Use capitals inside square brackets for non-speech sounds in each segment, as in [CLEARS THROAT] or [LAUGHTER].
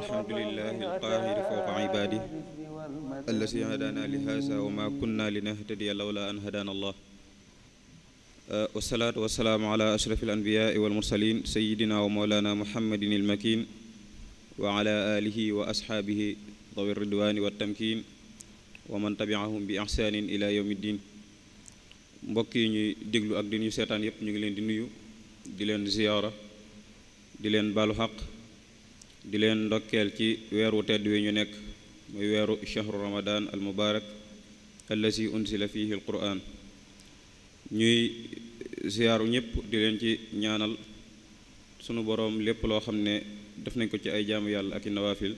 الحمد لله القاهر فوق عباده الذي هدانا لهذا وما كنا لنهتدي لولا أن هدانا الله والصلاة والسلام على أشرف الأنبياء والمرسلين سيدنا ومولانا محمد المكين وعلى آله وأصحابه ذوي الرضوان والتمكين ومن تبعهم بإحسان إلى يوم الدين mbokk yi ñuy déglu ak di ñu seetaan yépp ñu ngi leen di nuyu di leen ziyaara di leen balu xaq di leen ndokkeel ci weeru tedd wi ñu nekk muy weeru shahru ramadan al mubarak allazi unsila fii al quran ñuy ziyaaru ñëpp di leen ci ñaanal sunu boroom lépp loo xam ne def nañ ko ci ay jaamu yàlla ak i nawaafil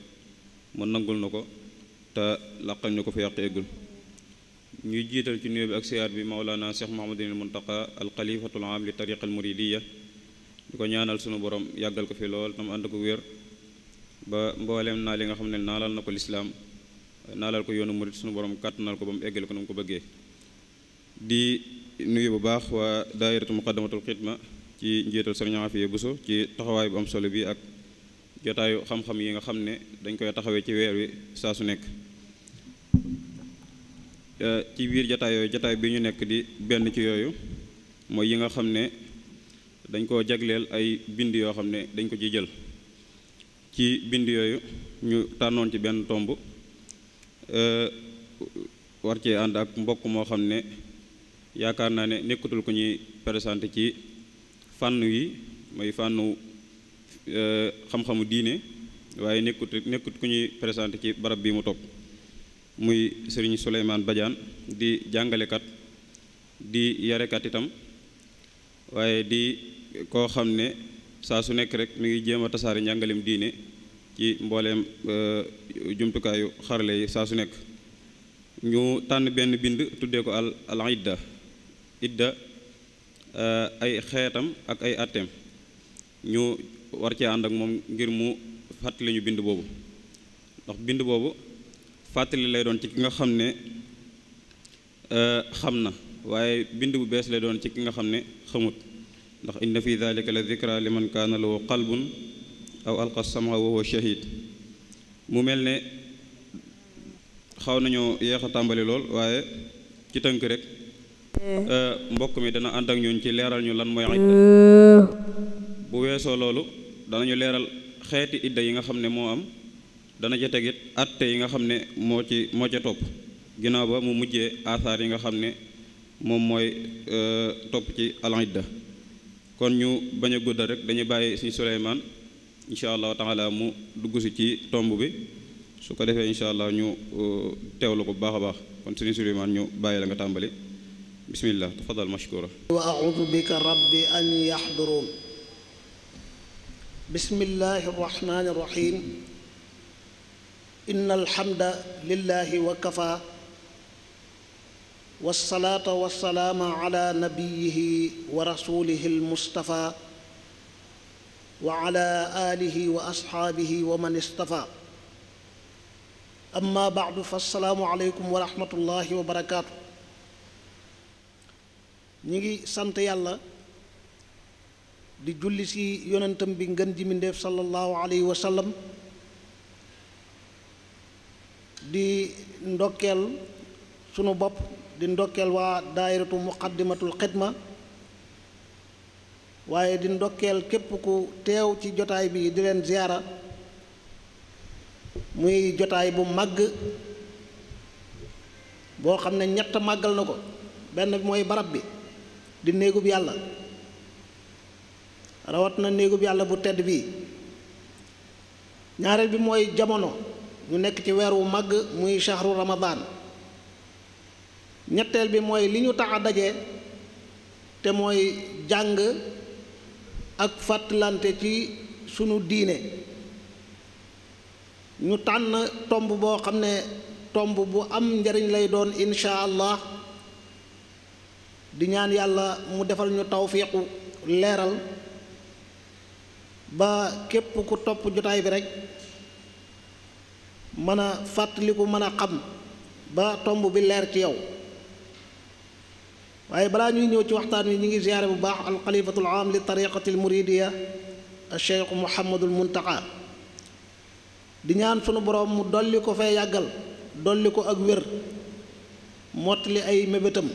mu nangul na ko te laqañ na ko fa yàq eggul ñuy jiital ci nuyoo bi ak siyaar bi maolana cheikh mahamadinil muntaqa al xalifatul am li tariqa al muridiya di ko ñaanal sunu borom yàggal ko fi lool tam ànd ko wér ba mbooleem naa li nga xam ne naalal na ko lislaam naalal ko yoonu murit sunu borom kàttanal ko ba mu eggale ko na mu ko bëggee di nuyu bu baax waa daayiratu muqaddamatul xidma ci njiital sëriñ Afiya Buso ci taxawaay bu am solo bi ak jotaayu xam-xam yi nga xam ne dañ koy taxawee ci weer wi saa su nekk eh, ci biir jotaay yooyu jataay bi ñu nekk di benn ci yooyu mooy yi nga xam ne dañ koo jagleel ay bind yoo xam ne dañ ko ci jël ci bind yooyu ñu tànnoon ci benn tomb euh, war cee ànd ak mbokk moo xam ne yaakaar naa ne nekkatul ku ñuy présenté ci fànn yi mooy fànnu euh, xam-xamu diine waaye nekkut nekkut ku ñuy présenté ci barab bi mu toog muy sëriñ Souleymane Badiane di jàngalekat di yarekat itam waaye di koo xam ne saa su nekk rek mu ngi jéem a tasaare njàngalem diine ci mbooleem euh, jumtukaayu xarale yi saa su nekk ñu tànn benn bind tuddee ko al al idda euh, ay xeetam ak ay atteem ñu war cee ànd ak moom ngir mu fàttali ñu bind boobu ndax bind boobu fàttali lay doon ci ki nga xam ne euh, xam na waaye bind bu bees lay doon ci ki nga xam ne xamut ndax inna fi dalika la dikra liman kaana lahu qalbun aw alqa sama wa huwa mu mel ne xaw nañoo yeex a tàmbali lool waaye ci tënk rek eh. euh, mbokk mi dana ànd ak ñun ci leeral ñu lan mooy idda eh. bu weesoo loolu danañu leeral xeeti idda yi nga xam ne moo am dana ca tegit atte yi nga xam ne moo ci moo ca topp ginnaaw ba mu mujjee aasaar yi nga xam ne moom mooy euh, topp ci al idda kon ñu bañ a guddal rek dañuy bàyyi suñu Souleymane incha allahu taala mu dugg si ci tomb bi su ko defee incha allah ñu euh, teewlu ko bu baax a baax kon suñu Souleymane ñu bàyyi la nga tàmbali bismillah tafadal mashkura wa audu bika rabbi an yaxduruun bismillahi arrahmani inna alhamda lillahi wa kafa wasalaata wasalaama ala nabiyihi wa rasulihi almustafa wa ala alihi wa asxaabihi wa man istafa amma baadu fa salaamu aleykum wa rahmatullahi wa barakaatu ñi ngi sant yàlla di julli ci yonentam bi ngën ji mindeef sallallahu alayhi wa sallam di ndokkeel sunu bopp di ndokkeel waa daayiratu muqaddimatul xidma waaye di ndokkeel képp ku teew ci jotaay bi di leen ziyaara muy jotaay bu màgg boo xam ne ñett màggal na ko benn bi mooy barab bi di néegub yàlla rawat na néegub yàlla bu tedd bii ñaareel bi mooy jamono mu nekk ci weer wu màgg muy shahru ramadan ñetteel bi mooy li ñu tax daje te mooy jàng ak fàttalante ci sunu diine ñu tànn tomb boo xam ne tomb bu am njariñ lay doon insha allah di ñaan yàlla mu defal ñu tawfiiqu leeral ba képp ku topp jotaay bi rekk mën a fàttaliku mën a xam ba tomb bi leer ci yow waaye balaa ñuy ñëw ci waxtaan wi ñu ngi ziyaare bu baax alxalifatul am li tariqati al muridiya cheikh muhammadul muntaqa di ñaan sunu boroom mu dolli ko fay yàggal dolli ko ak wér mottali ay mébétam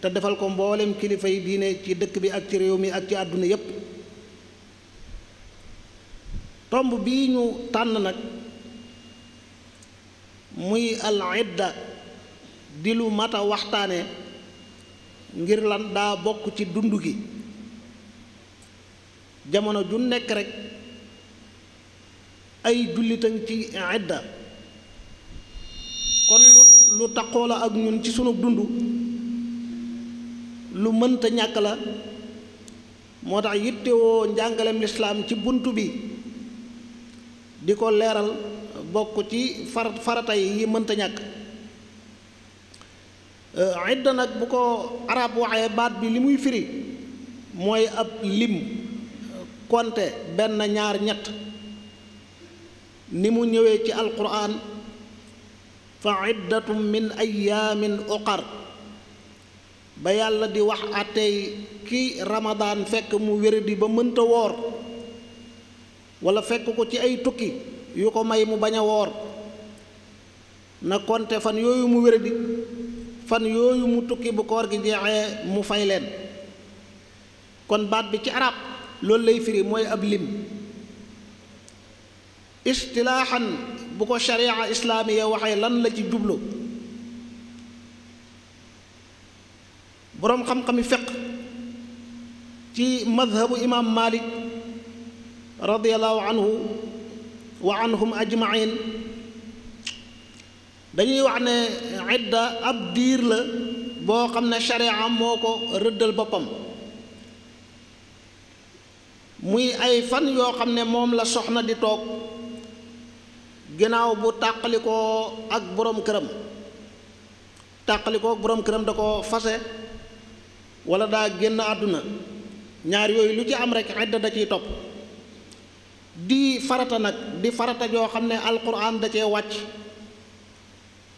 te defal ko mboolem kilifa yi diine ci dëkk bi ak ci réew mi ak ci àdduna yépp tomb bii ñu tànn nag muy al idda di lu mat waxtaane ngir lan daa bokk ci dund gi jamono ju nekk rekk ay jullitaŋ ci idda kon lu lu la ak ñun ci sunu dund lu mënta ñàkk la moo tax yittewoo njàngaleem lislaam ci bunt bi di ko leeral bokk ci far farata yi mënta ñàkk Euh, idda nag bu ko arab waxee baat bi li muy firi mooy ab lim konte benn ñaar ñett ni mu ñëwee ci alquran fa iddatum min ayaamin uqar ba yàlla di wax àtteey ki ramadaan fekk mu wéradi ba mënta woor wala fekk ko ci ay tukki yu ko may mu baña a woor na konte fan yooyu mu wéradi fan yooyu mu tukki bu koor gi jeexee mu fay leen kon baat bi ci arab loolu lay firi mooy ab lim istilaaxan bu ko sharia islaamiya waxee lan la ci jublu boroom xam-xami fiq ci madhabu imaam malik radiallahu wa anhum ajmain dañuy wax ne idda ab diir la boo xam ne sharia moo ko rëddal boppam muy ay fan yoo xam ne moom la soxna di toog ginnaaw bu tàqalikoo ak boroom këram tàqalikoo ak boroom këram da ko fase walla daa génn àdduna ñaar yooyu lu ci am rekk idda da ciy topp di farata nag di farata yoo xam ne alquran da cee wàcc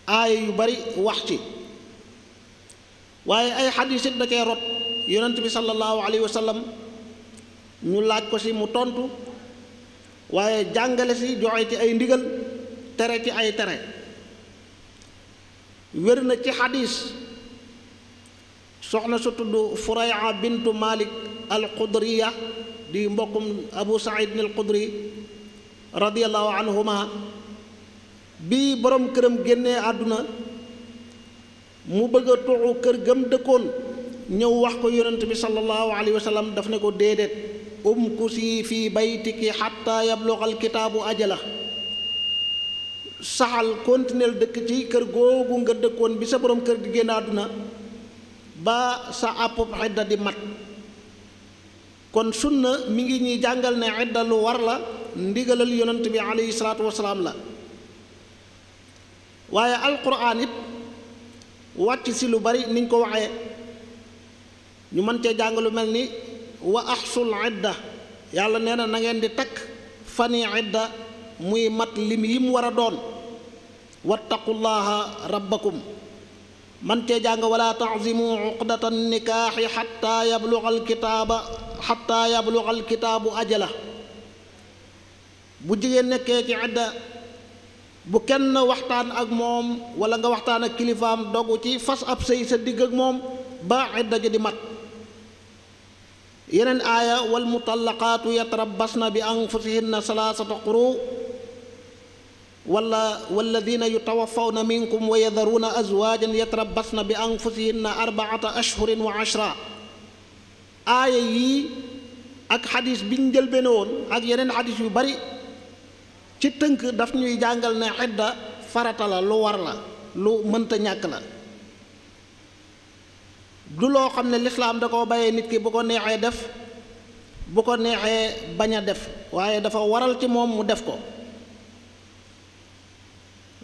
aaya yu bari wax ci waaye ay xadiis it rot yonent bi sallallahu alayhi wa ñu laaj ko ci mu tontu waaye jàngale si joxe ci ay ndigal tere ci ay tere wér na ci xadiis soxna su tudd Furaya bintu Malik al Qudriya di mbokkum Abu Saïd al Qudri radiyallahu anhuma bi boroom këram génnee àdduna mu bëgg a kër gëm dëkkoon ñëw wax ko yonent bi sallallahu alayhi wa sallam daf ne ko déedéet umkusi fii baytiki xatta yabluxal kitaabu ajala saxal continuel dëkk ci kër googu nga dëkkoon bi sa boroom kër di génn àdduna ba sa àppub xidda di mat kon sunna mi ngi ñuy jàngal ne xidda lu war la ndigalal yonent bi alayhi salaatu wasalaam la waaye alquran it wàcc si lu bari niñ ko waxee ñu mën cee jàng lu mel ni wa axsul idda yàlla nee na nangeen di takk fani idda muy mat lim yi mu war a doon wattaqullaha rabbakum man cee jàng wala tazimu uqdata nikaaxi xatta yabluga alkitaaba ajala bu jigéen nekkee ci idda bu kenn waxtaan ak moom wala nga waxtaan ak kilifaam dogu ci fas ab sëy sa digg ak moom ba idda ja di mat yeneen aaya wal mutallaqaatu yatarabbasna bi anfusihinna salaasata quru wala walladina yutawaffawna minkum wa yadharuna azwaajan yatarabbasna bi anfusihinna arbaata ashhurin wa ashra aaya yii ak xadis biñ njëlbéene woon ak yeneen xadis yu bari ci tënk daf ñuy jàngal ne xidda farata la lu war la lu mënta ñàkk la du loo xam ne lislaam da koo bàyyee nit ki bu ko neexee def bu ko neexee bañ a def waaye dafa waral ci moom mu def ko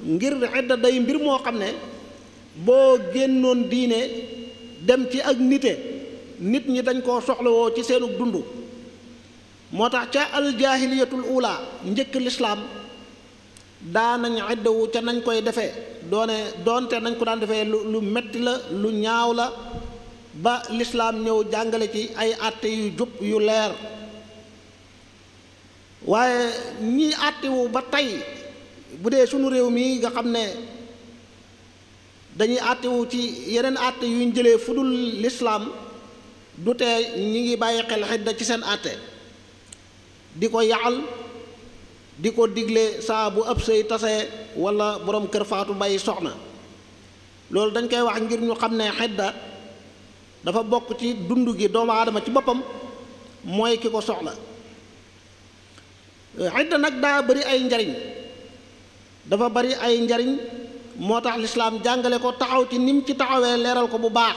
ngir xidda day mbir moo xam ne boo génnoon diine dem ci ak nite nit ñi dañ ko soxlawoo ci seenu dund moo tax ca aljaahiliyatul ula njëkk lislaam daanañ iddawu ca nañ koy defe doone doonte nañ ko daan defe lu metti la lu ñaaw la ba lislaam ñëw jàngale ci ay àtte yu jub yu leer waaye ñii àttewu ba tey bu dee sunu réew mii nga xam ne dañuy àttewu ci yeneen àtte yuñ jëlee fudul lislaam du tee ñi ngi bàyyi xel xidda ci seen àtte di ko yaal di ko digle saa bu ëpp say tase wala borom kër faatu bàyyi soxna loolu dañ koy wax ngir ñu xam ne xedda dafa bokk ci dund gi doomu aadama ci boppam mooy ki ko soxla xedda nag daa bari ay njariñ dafa bari ay njariñ moo tax lislaam jàngale ko taxaw ci nim ci taxawee leeral ko bu baax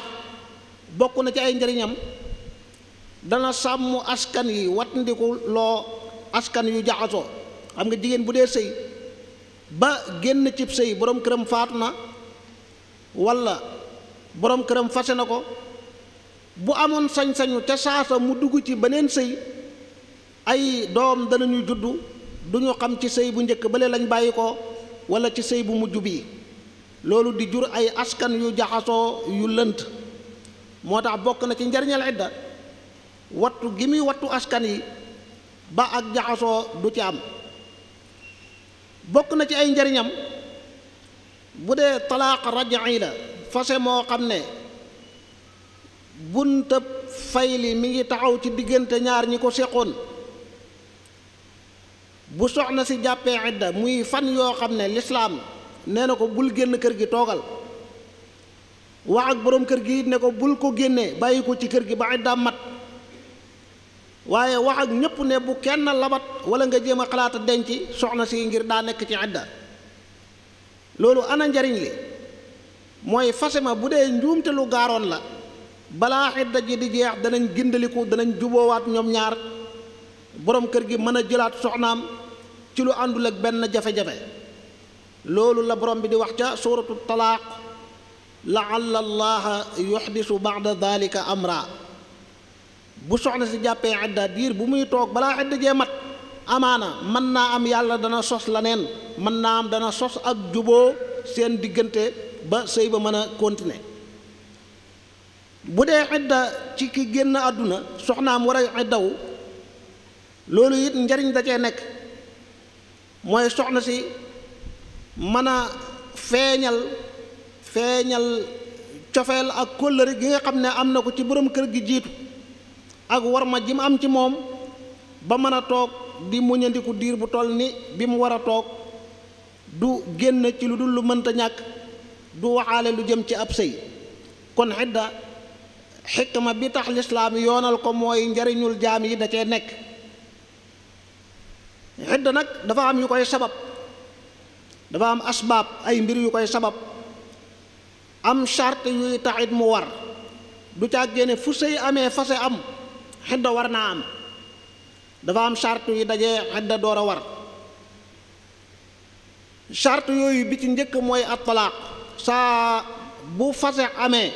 bokk na ci ay njariñam dana sàmm askan yi watndiku loo askan yu jaxasoo xam nga jigéen bu dee sëy ba génn cib sëy borom këram faat na walla boroom këram fase na ko bu amoon sañ-sañu te saasa mu dugg ci beneen sëy ay doom danañu juddu duñu xam ci sëy bu njëkk bale lañ bàyyi ko walla ci sëy bu mujj bii loolu di jur ay askan yu jaxasoo yu lënt moo tax bokk na ci njariñal idda wattu gi muy wattu askan yi ba ak jaxasoo du ci am bokk na ci ay njariñam bu dee talaax raj'i la fase moo xam ne bunta fayli mi ngi taxaw ci diggante ñaar ñi ko seqoon bu soxna si jàppee idda muy fan yoo xam ne lislaam nee na ko bul génn kër gi toogal wax ak boroom kër gi ne ko bul ko génnee bàyyi ko ci kër gi ba iddaam mat waaye wax ak ñépp ne bu kenn labat wala nga jéem a xalaat denc soxna si ngir daa nekk ci idda loolu ana njariñ li mooy fasema bu dee njuumte lu gaaroon la balaa idda ji di jeex danañ gindaliku danañ juboowaat ñoom ñaar boroom kër gi mën a jëlaat soxnaam ci lu àndul ak benn jafe-jafe loolu la borom bi di wax ca suuratu talaaq laalla allaha yuxdisu bada dalika amra bu soxna si jàppee adda diir bu muy toog balaa adda jee mat amaana mën naa am yàlla dana sos la neen mën naa am dana sos ak juboo seen diggante ba sëy ba mën a continuer bu dee adda ci ki génn àdduna soxnaam war a addawu loolu it njariñ da nekk mooy soxna si mën a feeñal feeñal cofeel ak kóllëre gi nga xam ne am na ko ci borom kër gi jiitu ak war ma ji am ci moom ba mën a toog di muñandiku diir bu toll ni bi mu war a toog du génn ci lu dul lu mënta ñàkk du waxaale lu jëm ci ab sëy kon xidda xikma bi tax lislaam yoonal ko mooy njariñul jaam yi da cee nekk xidda nag dafa am yu koy sabab dafa am asbaab ay mbir yu koy sabab am charte yuy taxit mu war du càggee ne fu sëy amee fase am xidda war naa am dafa am charte yi dajee xidda door a war charte yooyu bi ci njëkk mooy at-talaaq saa bu fase amee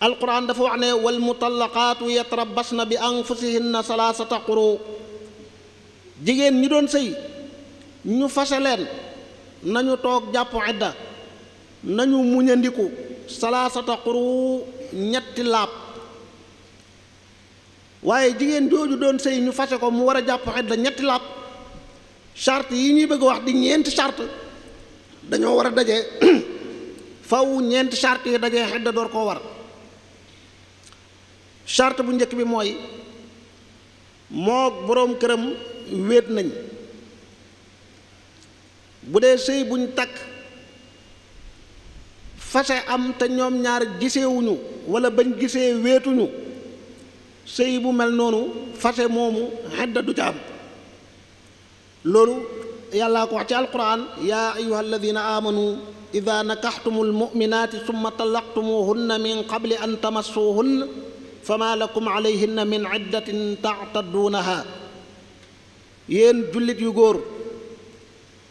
alquran dafa wax ne wal mutallaqaatu yatarabasna bi anfusihinna salaasata quru jigéen ñi doon sëy ñu fase leen nañu toog jàpp xidda nañu muñandiku salaasata quru ñetti laab waaye jigéen jooju doon sëy ñu fase ko mu war a jàpp xedda ñetti làpp charte yi ñuy bëgg wax di ñeenti charte dañoo war a daje [CLEARS THROAT] faw ñeenti charte yi dajee xedda door koo war charte bu njëkk bi mooy moog boroom këram wéet nañ bu dee sëy buñ takk fase am te ñoom ñaar gisewuñu wala bañ gisee wéetuñu sëy bu mel noonu fase moomu xedda du ca am loolu yàllaa ko wax ci alquran yaa ayuha alladina amanu ida nakaxtumu almuminaati summa talaqtumuhunna min qabli an tamassuuhunna fama lakum alayhinna min iddatin taatadduunaha yéen jullit yu góor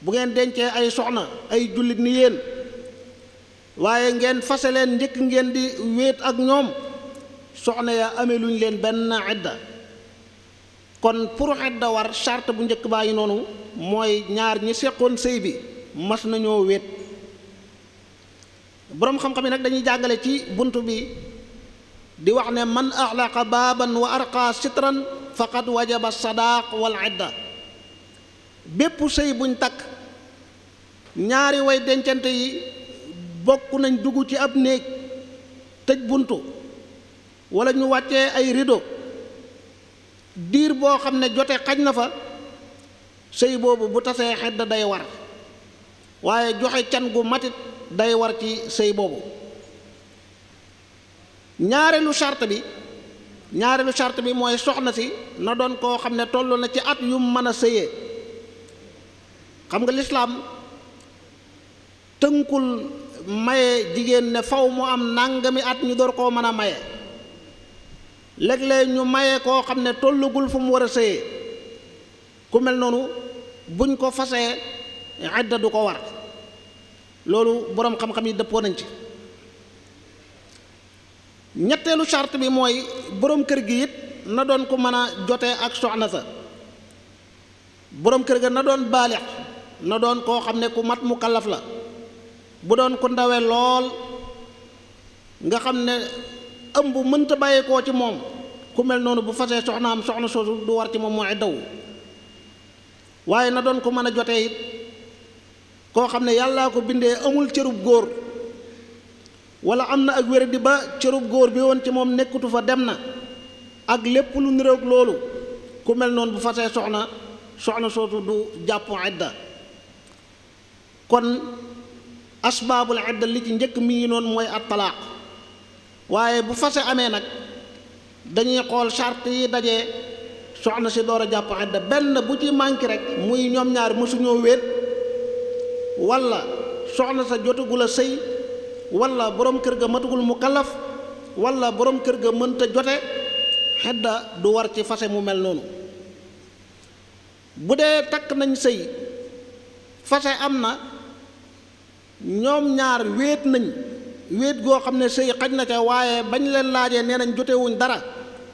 bu ngeen dencee ay soxna ay jullit ni yéen waaye ngeen fase leen njëkk ngeen di wéet ak ñoom soxna yaa amee luñ leen benn idda kon pour idda war charte bu njëkk baa ngi noonu mooy ñaar ñi seqoon séy bi mas nañoo wéet boroom xam-xam yi nag dañuy jàngale ci bunt bi di wax ne man axlaqa baaban wa arqa sitran faqad wajaba sadaq wal idda bépp sëy buñ takk ñaari way dencante yi bokk nañ dugg ci ab néeg tëj buntu walla ñu wàccee ay rideau diir boo xam ne jote xaj na fa sëy boobu bu tasee xedd day war waaye joxe can gu matit day war ci sëy boobu ñaareelu charte bi ñaareelu charte bi mooy soxna si na doon koo xam ne toll na ci at yu mën a sëyee xam nga lislaam tënkul maye jigéen ne faw mu am mi at ñu door koo mën a maye léeg-léeg ñu maye koo xam ne tollugul fu mu war a sëyee ku mel noonu buñ ko fasee idda du ko war loolu boroom xam-xam yi dëppoo nañ ci ñetteelu charte bi mooy boroom kër gi it na doon ko mën a jotee ak soxna sa boroom kër ga na doon baalix na doon koo xam ne ku mat mu kallaf la bu doon ko ndawee lool nga xam ne ëmb mënta bàyyeekoo ci moom ku mel noonu bu fasee soxnaam soxna soosu du war ci moom mooy daw waaye na doon ko mën a jote it koo xam ne yàllaa ko bindee amul cërub góor wala am na ak wéradi ba cërub góor bi woon ci moom nekkutu fa dem na ak lépp lu niroog loolu ku mel noonu bu fasee soxna soxna soosu du jàpp idda kon asbaabul idda li ci njëkk mi ngi noonu mooy at talaaq waaye bu fase amee nag dañuy xool charte yi daje soxna si door a jàpp xedda benn bu ci manqué rek muy ñoom ñaar mësuñoo wéet walla soxna sa jotagul a sëy wala boroom kër ga matagul mu kalaf wala boroom kër ga mënta jote xedd du war ci fase mu mel noonu bu dee takk nañ sëy fase am na ñoom ñaar wéet nañ wéet goo xam ne sëy xaj na ca waaye bañ leen laajee nee nañ jotewuñ dara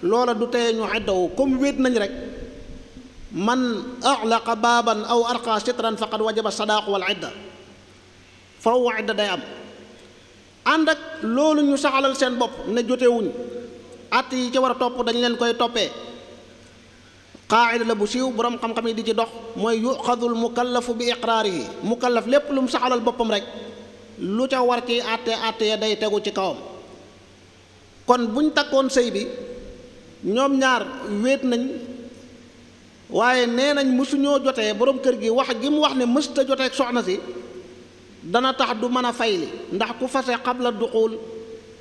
loola du teye ñu xeddawu comme wéet nañ rek man axlaqa baaban aw arqa sitran faqad wajaba sadaaqu wal idda faw idda day am ànd ak loolu ñu saxalal seen bopp ne jotewuñ at yi ci war a topp dañ leen koy toppee qaacida la bu siiw boroom xam-xam yi di ci dox mooy yuxadul mukallafu bi iqraarihi mukallaf lépp lu mu saxalal boppam rek lu ca war ci àtte àtte ya day tegu ci kawam kon buñ takkoon sëy bi ñoom ñaar wéet nañ waaye nee nañ mësuñoo jote boroom kër gi wax gi mu wax ne mësta jotee soxna si dana tax du mën a fayli ndax ku fase xabla duxul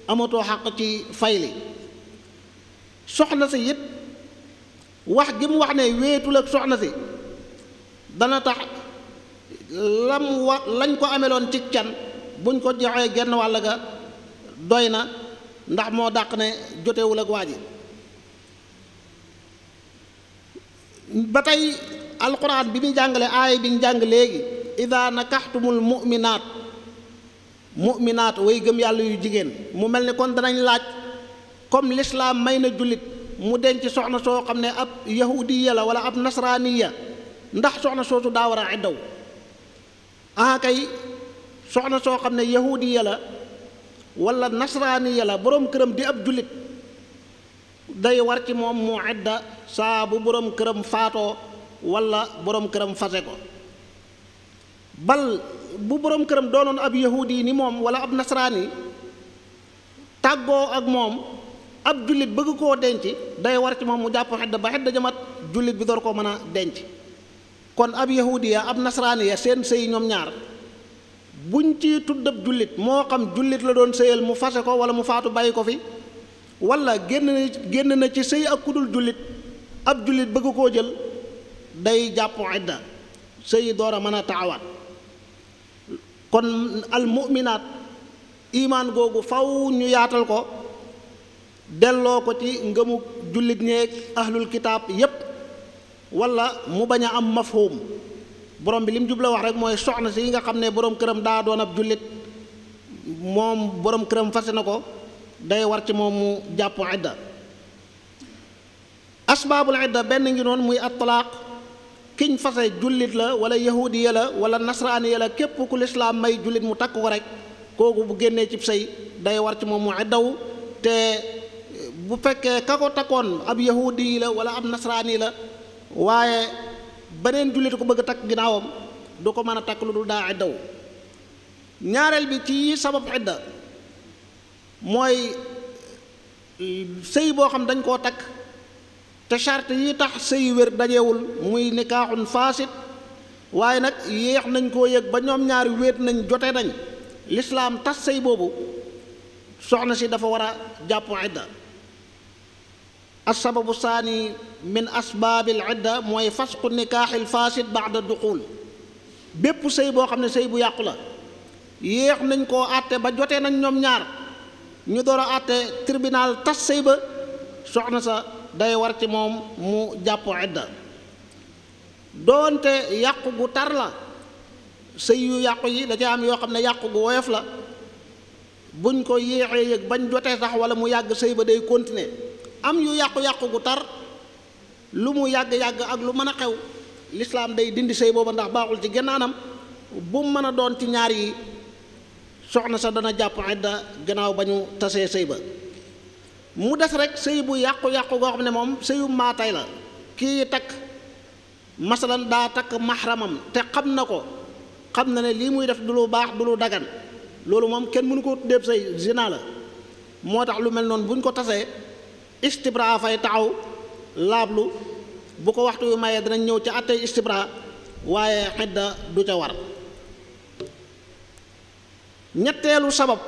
amatoo xaq ci fayli soxna si it wax gi mu wax ak soxna si dana tax lam wa lañ ko ameloon ci can buñ ko joxee genn wàll ga doy na ndax moo dàq ne jotewul ak waa ji ba tey alquran bi muy jàngale aay biñ jàng léegi ida nakaxtumul muminaat muminaat way gëm yàlla yu jigéen mu mel ni kon danañ laaj comme lislaam may na jullit mu denc soxna soo xam ne ab yahudiya la wala ab nasraaniya ndax soxna soosu daa war a soxna soo xam ne yahudiya la wala nasraaniya la boroom këram di ab jullit day war ci moom mu edda saa bu boroom këram faatoo wala boroom këram fase ko bal bu boroom këram doonoon ab yahudi ni moom wala ab nasraani tàggoo ak moom ab jullit bëgg koo denc day war ci moom mu jàpp xedda ba xedda jamat jullit bi door koo mën a denc kon ab yahudiya ab nasraaniya seen sëy ñoom ñaar buñ ci tuddab jullit moo xam jullit la doon sëyal mu fase ko wala mu faatu bàyyi ko fi wala génn na génn na ci sëy ak kudul jullit ab jullit bëgg koo jël day jàpp idda sëy door a mën a taxawaat kon al muminaat imaan googu faw ñu yaatal ko delloo ko ci ngëmu jullit ñeeg ahlul kitaab yépp walla mu bañ a am mafhum borom bi li mu jubla wax rek mooy soxna si yi nga xam ne borom këram daa doon ab jullit moom borom këram fase na ko day war ci moom mu jàpp idda asbaabul idda benn ngi noonu muy at-talaaq kiñ fase jullit la wala yahudiya la wala nasraaniya la képp ku lislaam may jullit mu takk ko rek kooku bu génnee cib sëy day war ci moom mu iddawu te bu fekkee ka ko takkoon ab yahudi la wala ab nasraani la waaye beneen jullit ko bëgg a takk ginnaawam du ko mën a takk lu dul daa iddaw ñaareel bi ci sabab idda mooy sëy boo xam dañ koo takk te charte yi tax sëy wér dajewul muy nikaaxun faasit waaye nag yéex nañ koo yëg ba ñoom ñaari wéet nañ jote nañ lislaam tas sëy boobu soxna si dafa war a jàpp idda as assababu saani min asbaabil idda mooy fasqu nikaaxil fasid baada duxul bépp sëy boo xam ne sëy bu yàqu la yéex nañ koo àtte ba jotee nañ ñoom ñaar ñu door a àtte tribunal tas sëy ba soxna sa day war ci moom mu jàpp idda doonte yàqu gu tar la sëy yu yàqu yi da ca am yoo xam ne yàqu gu woyof la buñ ko yéexee yëg bañ jotee sax wala mu yàgg sëy ba day continuer am yu yàqu-yàqu gu tar lu mu yàgg-yàgg ak lu mën a xew lislaam day dindi sëy booba ndax baaxul ci genn anam bu mën a doon ci ñaar yi soxna sa dana jàpp idda gannaaw ba ñu tasee sëy ba mu des rek sëy bu yàqu-yàqu goo xam ne moom sëyu maatay la kii takk masalan daa takk maxramam te xam na ko xam na ne lii muy def du lu baax du lu dagan loolu moom kenn mënu ko déeb sëy zina la moo tax lu mel noonu buñ ko tasee istibra fay taxaw laablu bu ko waxtu wi mayee danañ ñëw ci àttey istibra waaye xidda du ca war ñetteelu sabab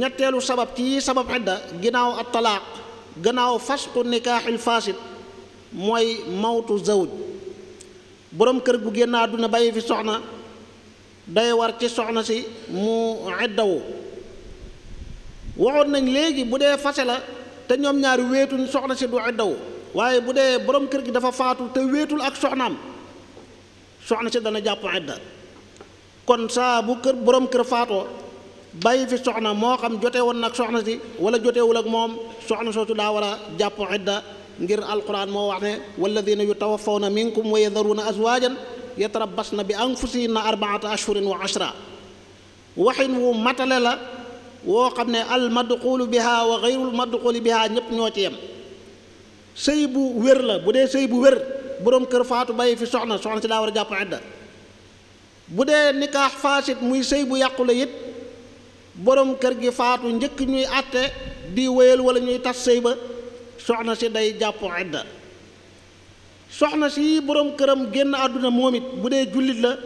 ñetteelu sabab ci sabab xidda ginnaaw at talaaq gannaaw fasqu nikaaxil fasid mooy mawtu zawj boroom kër gu génn àdduna bàyyi fi soxna day war ci soxna si mu xiddawu waxoon nañ léegi bu dee fase la te ñoom ñaari wéetuñ soxna si du iddawu waaye bu dee boroom kër gi dafa faatu te weetul ak soxnaam soxna si dana jàpp idda kon saa bu kër borom kër faatoo bàyyi fi soxna moo xam jote woon nag soxna si wala jotewul ak moom soxna soosu daa war a jàpp idda ngir alquran moo wax ne walladina yutawaffawna minkum wa yadharuna azwajan yatarabasna bi na arbaata ashhurin wa ashra waxin wu matale la woo xam ne al madxulu biha wa xayrul madxuli biha ñëpp ñoo ci yem sëy bu wér la bu dee sëy bu wér boroom kër faatu bàyyi fi soxna soxna si daa war a jàpp idda bu dee muy sëy bu yàqu la it boroom kër gi faatu njëkk ñuy àtte di wéyal wala ñuy tas sëy soxna si day jàpp idda soxna si boroom këram génn àdduna moom it bu dee jullit la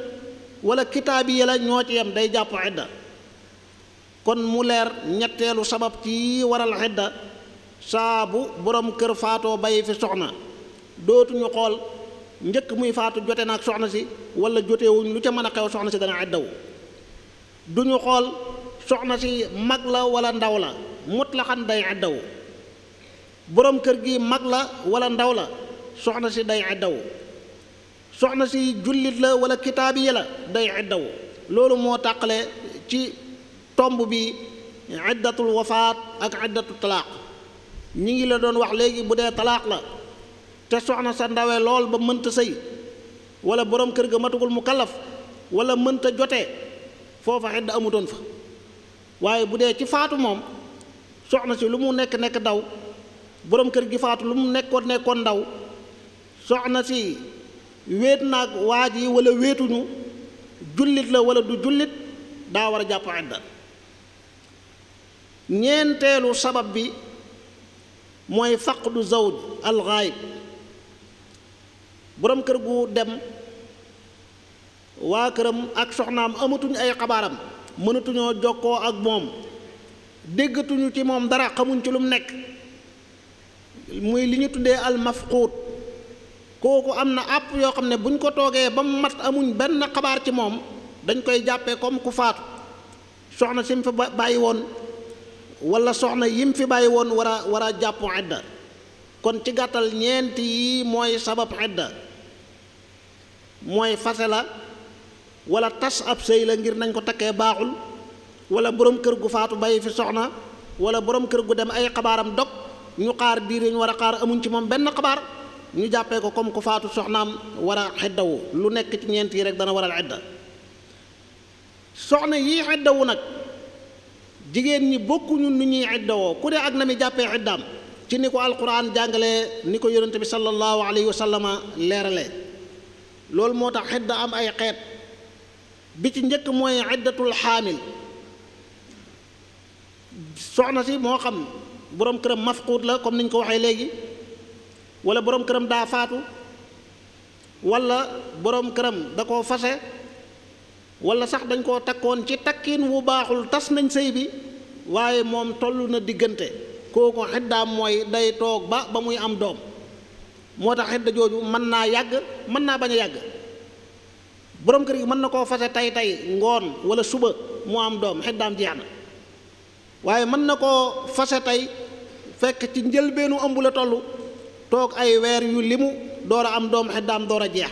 wala kitaabi ya la ñoo ci yem day jàpp idda kon mu leer ñetteelu sabab ci waral xidda saabu borom kër faatoo bàyyi fi soxna dootuñu xool njëkk muy faatu jote naag soxna si wala jotewuñ lu ca mën a xew soxna si dana xiddawu duñu xool soxna si mag la wala ndaw la mut mutlaxan day xiddawu boroom kër gi mag la wala ndaw la soxna si day xiddawu soxna si jullit la wala kitaabiya la day xiddawu loolu moo tàqale ci tomb bi iddatul wafaat ak iddatu talaax ñi ngi la doon wax léegi bu dee talaax la te soxna sa ndawe lool ba mënta sëy wala boroom kër ga matagul mu kallaf wala mënta jotee foofa xedd amutoon fa waaye bu dee ci faatu moom soxna si lu mu nekk nekk daw boroom kër gi faatu lu mu nekkoon nekkoon ndaw soxna si wéet naag waaj yi walla weetuñu jullit la wala du jullit daa war a jàpp xedda ñeenteelu sabab bi mooy faqdu zawj alxaayib boroom kër gu dem waa këram ak soxnaam amatuñ ay xabaaram mënatuñoo jokkoo ak moom déggatuñu ci moom dara xamuñ ci lu mu nekk muy li ñu tuddee almafquud kooku am na àpp yoo xam ne buñ ko toogee ba mu mat amuñ benn xabaar ci moom dañ koy jàppee comme ku faatu soxna si mu fa bàyyi woon wala soxna yi mu fi bàyyi woon war a war a jàpp idda kon ci gàttal ñeent yi mooy sabab idda mooy fase la wala tas ab sëy la ngir nañ ko takkee baaxul wala boroom kër gu faatu bàyyi fi soxna wala borom kër gu dem ay xabaaram dog ñu xaar diir ñu war a xaar amuñ ci moom benn xabaar ñu jàppee ko comme ku faatu soxnaam war a xeddawu lu nekk ci ñeent yi rek dana waral idda soxna yii xeddawu nag jigéen ñi bokkuñu nu ñuy iddawoo ku ne ak na mi jàppee iddaam ci ni ko alquran jàngale ni ko yonente bi sallallahu alayhi wa sallama leeralee loolu moo tax xidda am ay xeet bi ci njëkk mooy iddatul xaamil soxna si moo xam boroom këram mafquud la comme niñ ko waxee léegi wala boroom këram daa faatu wala boroom këram da koo fase wala sax dañ koo takkoon ci takkin wu baaxul tas nañ sëy bi waaye moom tollu na diggante kooku xiddaam mooy day toog ba ba muy am doom moo tax xidda jooju mën naa yàgg mën naa bañ a yàgg boroom kër gi mën na koo fase tey tey ngoon wala suba mu am doom xiddaam jeex na waaye mën na koo fase tey fekk ci njëlbeenu ëmb la toll toog ay weer yu limu door a am doom xiddaam door a jeex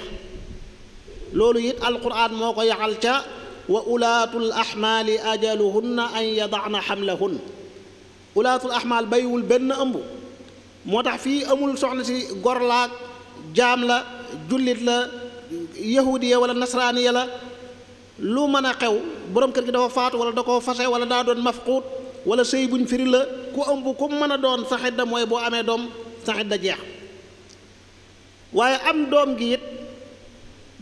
loolu it alquran moo ko yaxal ca wa ulaatul axmaali ajaluhunna an yadana xamlahun ulaatul axmaal bayiwul benn ëmb moo tax fii amul soxna si gor laag jaam la jullit la yahudiya wala nasraaniya la lu mën a xew borom kër gi dafa faatu wala da koo fase wala daa doon mafquut wala sëy buñ firi la ku ëmb ku mën a doon saxit da mooy boo amee doom saxit da jeex waaye am doom gi it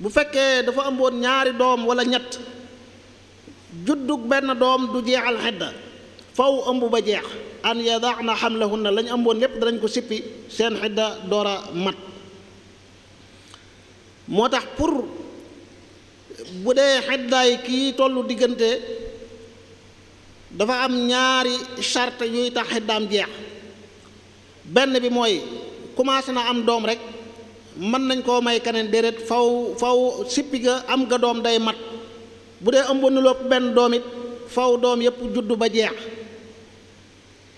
bu fekkee dafa ëmboon ñaari doom wala ñett juddug benn doom du jeexal xedda fow ëmb ba jeex an yadaana xamlahunna lañu ëmboon lépp danañ ko sippi seen xedda door a mat moo tax pour bu dee xeddaay kii tollu diggante dafa am ñaari charte yuy tax xeddaam jeex benn bi mooy commencé na am doom rekk mën nañ koo may keneen déedéet faw faw sippi ga am ga doom day mat bu dee ëmboon lu ëpp benn doom it faw doom yépp juddu ba jeex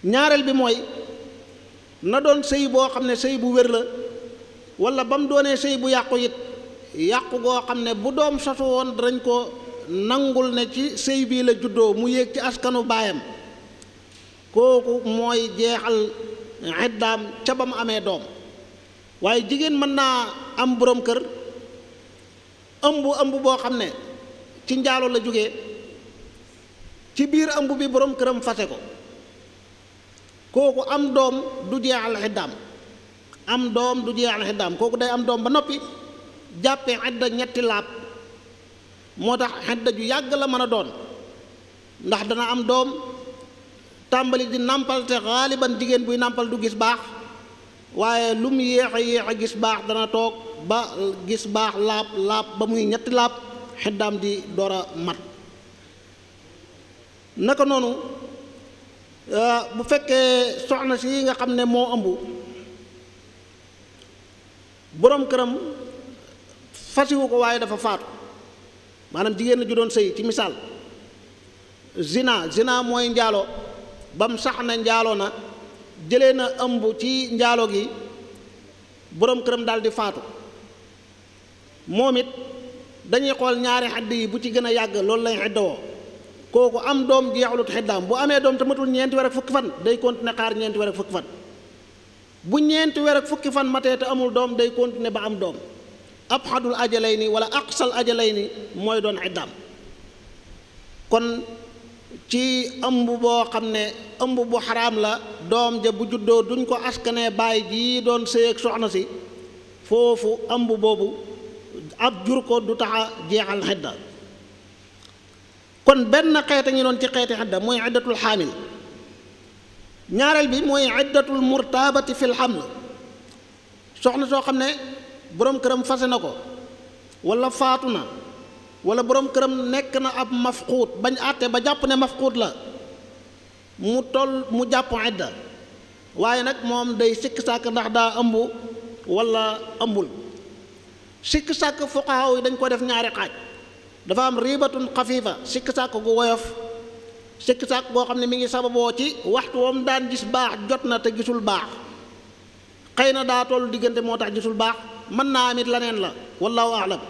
ñaareel bi mooy na doon sëy boo xam ne sëy bu wér la walla ba mu doonee sëy bu yàqu it yàqu goo xam ne bu doom sotu woon danañ ko nangul ne ci sëy bii la juddoo mu yéeg ci askanu baayam kooku mooy jeexal iddaam ca ba mu amee doom waaye jigéen mën naa am boroom kër ëmb ëmb boo xam ne ci njaalo la jóge ci biir ëmb bi boroom këram fase ko kooku am doom du jeexal xiddaam am doom du jeexal xiddaam kooku day am doom ba noppi jàppee xedda ñetti laab moo tax xedda ju yàgg la mën a doon ndax dana am doom tàmbali di nàmpal te xaaliban jigéen buy nàmpal du gis baax waaye lu mu yéex a yéex a gis baax dana toog ba gis baax laab laab ba muy ñetti laab xiddaam di door mat naka noonu euh, bu fekkee soxna si yi nga xam ne moo ëmb boroom këram fasiwu ko waaye dafa faatu maanaam jigéen ju doon sëy ci misaal zina zina mooy njaalo bam sax na njaalo na jële na ëmb ci njaaloo gi boroom këram daal di faatu moom it dañuy xool ñaari xadd yi bu ci gën a yàgg loolu lañ xeddawoo kooku am doom jeexulut xeddaam bu amee doom te matul ñeenti weer fukki fan day continuer xaar ñeenti weer ak fukki fan bu ñeenti weer fukki fan matee te amul doom day continuer ba am doom ab xadul ajalay ni wala aqsal ajalay ni mooy doon xeddaam kon ci ëmb boo xam ne ëmb bu xaraam la doom ja bu juddoo duñ ko askanee baay jii doon sëy ak soxna si foofu ëmb boobu ab jur ko du tax a jeexal xedda kon benn xeet a ngi doon ci xeeti xedda mooy iddatul xaamil ñaareel bi mooy iddatul murtaabati fi xaml soxna soo xam ne boroom këram fase na ko walla faatu na wala borom këram nekk na ab mafquut bañ àtte ba jàpp ne mafquut la mu toll mu jàpp idda waaye nag moom day sikk ndax daa ëmb walla ëmbul sikk sàkk fuqahaa yi dañ ko def ñaari xaaj dafa am riibatun xafiifa sikk sàkk gu woyof sikk sàkk goo xam ne mi ngi sababoo ci waxtu moom daan gis baax jot na te gisul baax xëy na daa toll diggante moo tax gisul baax mën naa amit leneen la wallaahu aalam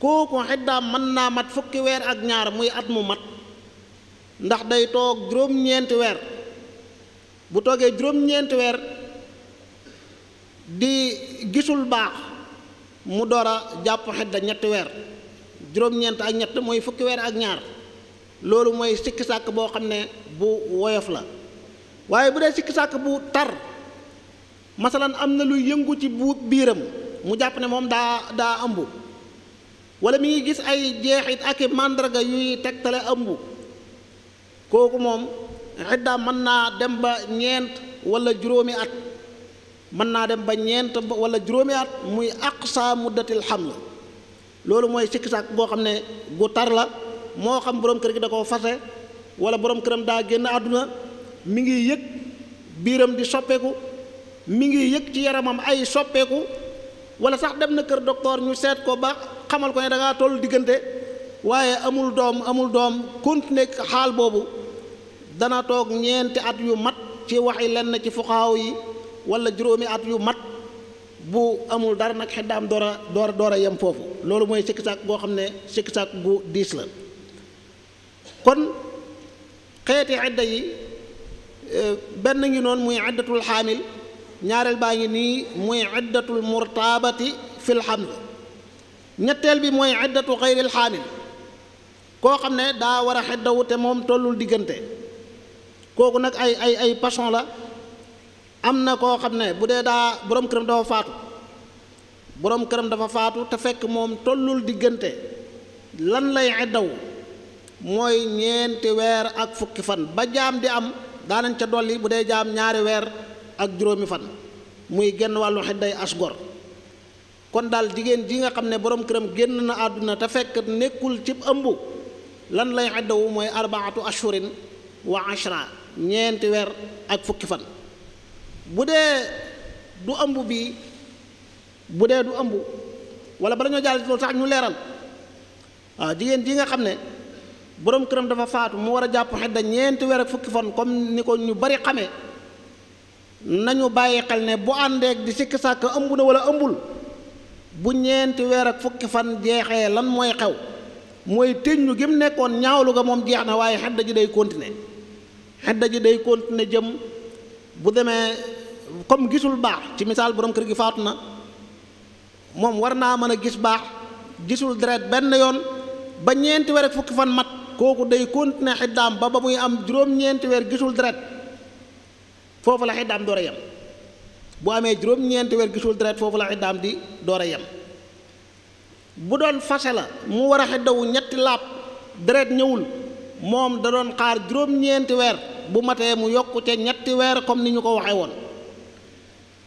kooku xiddaam mën naa mat fukki weer ak ñaar muy at mu mat ndax day toog juróom-ñeenti weer bu toogee juróom-ñeenti weer di gisul baax mu door a jàpp xidda ñetti weer juróom-ñeent ak ñett mooy fukki weer ak ñaar loolu mooy sikki sàkk boo xam ne bu woyof la waaye bu dee sikki sàkk bu tar masalan am na lu yëngu ci bu biiram mu jàpp ne moom daa daa ëmb wala mi ngi gis ay jeexit ak i màndarga yuy tegtale ëmb kooku moom xidda mën naa dem ba ñeent walla juróomi at mën naa dem ba ñeent wala juróomi muy aqsa muddatil xam la loolu mooy sikki sàkk boo xam ne gu tar la moo xam boroom kër gi da koo fase wala borom këram daa génn àdduna mi ngi yëg biiram di soppeeku mi ngi yëg ci yaramam ay soppeeku wala sax dem na kër docteur ñu seet ko ba xamal ko ne da ngaa diggante waaye amul doom amul doom continuer xaal boobu dana toog ñeenti at yu mat ci waxi lenn ci fuxaw yi wala juróomi at yu mat bu amul dara nag am door a door a yem foofu loolu mooy sikki sàkk goo xam ne sikki sàkk gu diis la kon xeeti idda yi e, benn ngi noonu muy iddatul xaamil ñaareel baa ngi nii muy iddatul murtaabati fil xaml ñetteel bi mooy iddatu xayril xaamil koo xam ne daa war a xeddawu te moom tollul diggante kooku nag ay ay ay passion la am na koo xam ne bu dee daa borom këram dafa faatu borom këram dafa faatu te fekk moom tollul diggante lan lay xeddawu mooy ñeenti weer ak fukki fan ba jaam di am daanañ ca dolli bu dee jaam ñaari weer ak juróomi fan muy genn wàllu xedday asgor kon daal jigéen ji nga xam ne borom këram génn na àdduna te fekk nekkul cib ëmb lan lay addawu mooy arbaatu ashurin wa ashra ñeenti weer ak fukki fan bu dee du ëmb bi bu dee du ëmb wala ba ñoo jàll loolu sax ñu leeral waaw ah, jigéen ji nga xam ne borom këram dafa faatu mu war a jàpp xedda ñeenti weer ak fukki fan comme ni ko ñu bari xame nañu bàyyi xel ne bu àndeek di sikki sàkk ëmb na wala ëmbul bu ñeenti weer ak fukki fan jeexee lan mooy xew mooy tëññu gi mu nekkoon ñaawlu ga moom jeex na waaye xedda ji day continuer xedda ji day continuer jëm bu demee comme gisul baax ci misaal borom kër gi faatu na moom war naa mën a gis baax gisul deret benn yoon ba ñeenti weer ak fukki fan mat kooku day continuer xiddaam ba ba muy am juróom-ñeenti weer gisul deret foofu la xiddaam door a bu amee juróom-ñeenti weer gisul deret foofu la xiddaam di door a yem bu doon fase la mu war a xiddawu ñetti laab deret ñëwul moom da doon xaar juróom-ñeenti weer bu matee mu yokku ca ñetti weer comme ni ñu ko waxee woon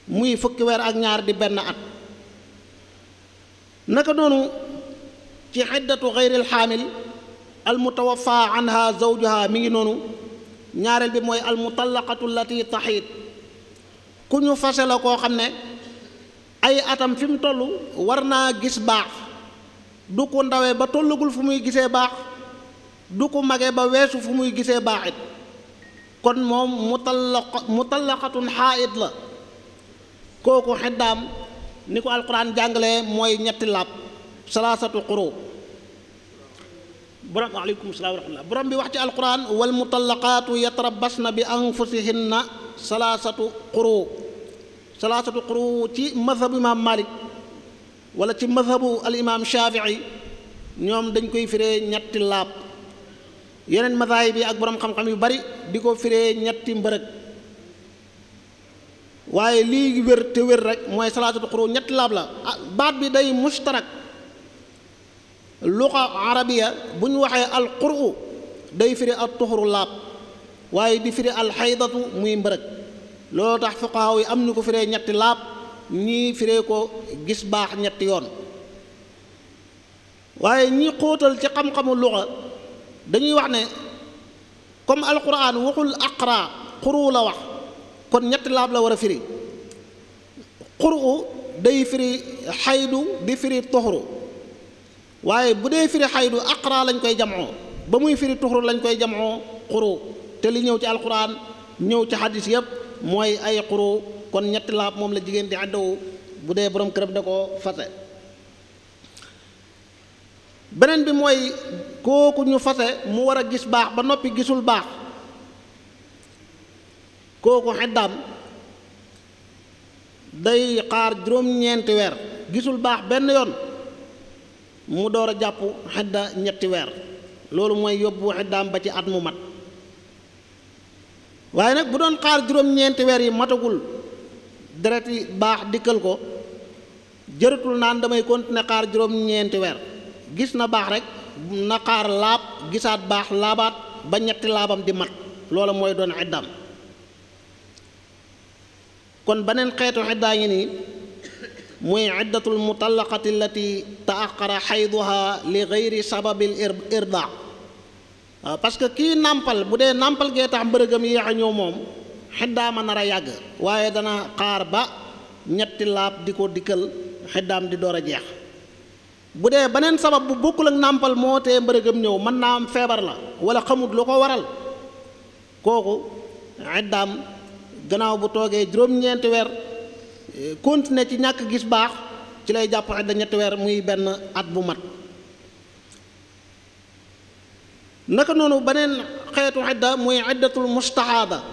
muy fukki weer ak ñaar di benn at naka noonu ci xiddatu xayril xaamil al mutawafa anha zawjuha mi ngi noonu ñaareel bi mooy al mutallaqatu lati taxiit ku ñu fase la koo xam ne ay atam fi mu toll war naa gis baax du ko ndawee ba tollagul fu muy gisee baax du ko magee ba weesu fu muy gisee baax kon moom mu mutallaqa mutallaqatun xaayit la kooku xeddaam ni ko alquran jàngalee mooy ñetti laab salaasatu quru borom aleykum salaam wa rahmatullah borom bi wax ci alquran wal mutallaqaatu yatarabasna bi anfusihinna salaasatu quru salaasatu quru ci mazhabu imaam malik wala ci mazhabu ñoom dañ koy firee ñetti laab yeneen mazahib yi ak borom xam-xam yu bari di ko fire ñetti mbërëg waaye lii wér te wér rek mooy salaasatu quru ñetti laab la ah, baat bi day mushtarak luqa arabiya bu ñu waxee alquru day firi al tuxuru laab waaye di firi alxaydatu muy mbërëg loolu tax fuqaaw yi am ñu ko firee ñetti laab ñii firee ko gis baax ñetti yoon waaye ñi xóotal ci xam-xamu luqa dañuy wax ne comme alquran waxul aqra xuru la wax kon ñetti laab la war a firi xuru day firi xaydu di firi tuxuru waaye bu dee firi xaydu aqra lañ koy jamoo ba muy firi tuxru lañ koy jamoo xuru te li ñëw ci alquran ñëw ci xadis yëpp mooy ay xuru kon ñetti laa moom la jigéen di addawu bu dee borom këram da koo fase beneen bi mooy kooku ñu fase mu war a gis baax ba noppi gisul baax kooku xeddaam day xaar juróom-ñeenti weer gisul baax benn yoon mu door a jàpp xedda ñetti weer loolu mooy yóbbu xeddaam ba ci at mu mat waaye nag bu doon xaar juróom-ñeenti weer yi matagul deret baax dikkal ko jëratul naan damay continuer xaar juróom-ñeenti weer gis na baax rek na xaar laab gisaat baax laabaat ba ñetti laabam di mat loola mooy doon xeddaam kon beneen xeetu xeddaa ngi nii muy iddatul mutallaqati allati taaqara xayduha li gayri sababil irda waaw ah, parce que kii nàmpal bu dee nàmpal gee tax mbërëgam yéex a ñëw moom xiddaama nar a yàgg waaye dana xaar ba ñetti laab di ko dikkal xiddaam di door a jeex bu dee beneen sabab bu bokkul ak nàmpal moo tee mbërëgam ñëw mën naa am feebar la wala xamut lu ko waral kooku xiddaam gannaaw bu toogee juróom-ñeenti weer continuer ci ñàkk gis baax ci lay jàpp da ñetti weer muy benn at bu mat naka noonu beneen xeetu xedda muy iddatul mustahaada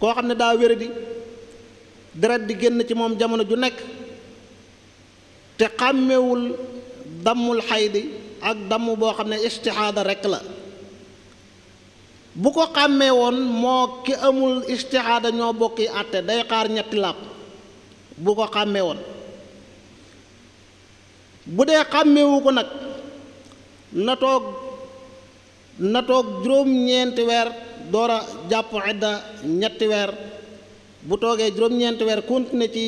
koo xam ne daa wéradi deret di génn ci moom jamono ju nekk te xàmmewul dammul xaydi ak damm boo xam ne istihaada rekk la bu ko xàmmee woon moo ki amul istihaada ñoo bokki àtte day xaar ñetti làpp bu ko xàmmee woon bu dee xàmmewu ko nag na toog na toog juróom-ñeenti weer doora a jàpp idda ñetti weer bu toogee juróom-ñeenti weer continué ci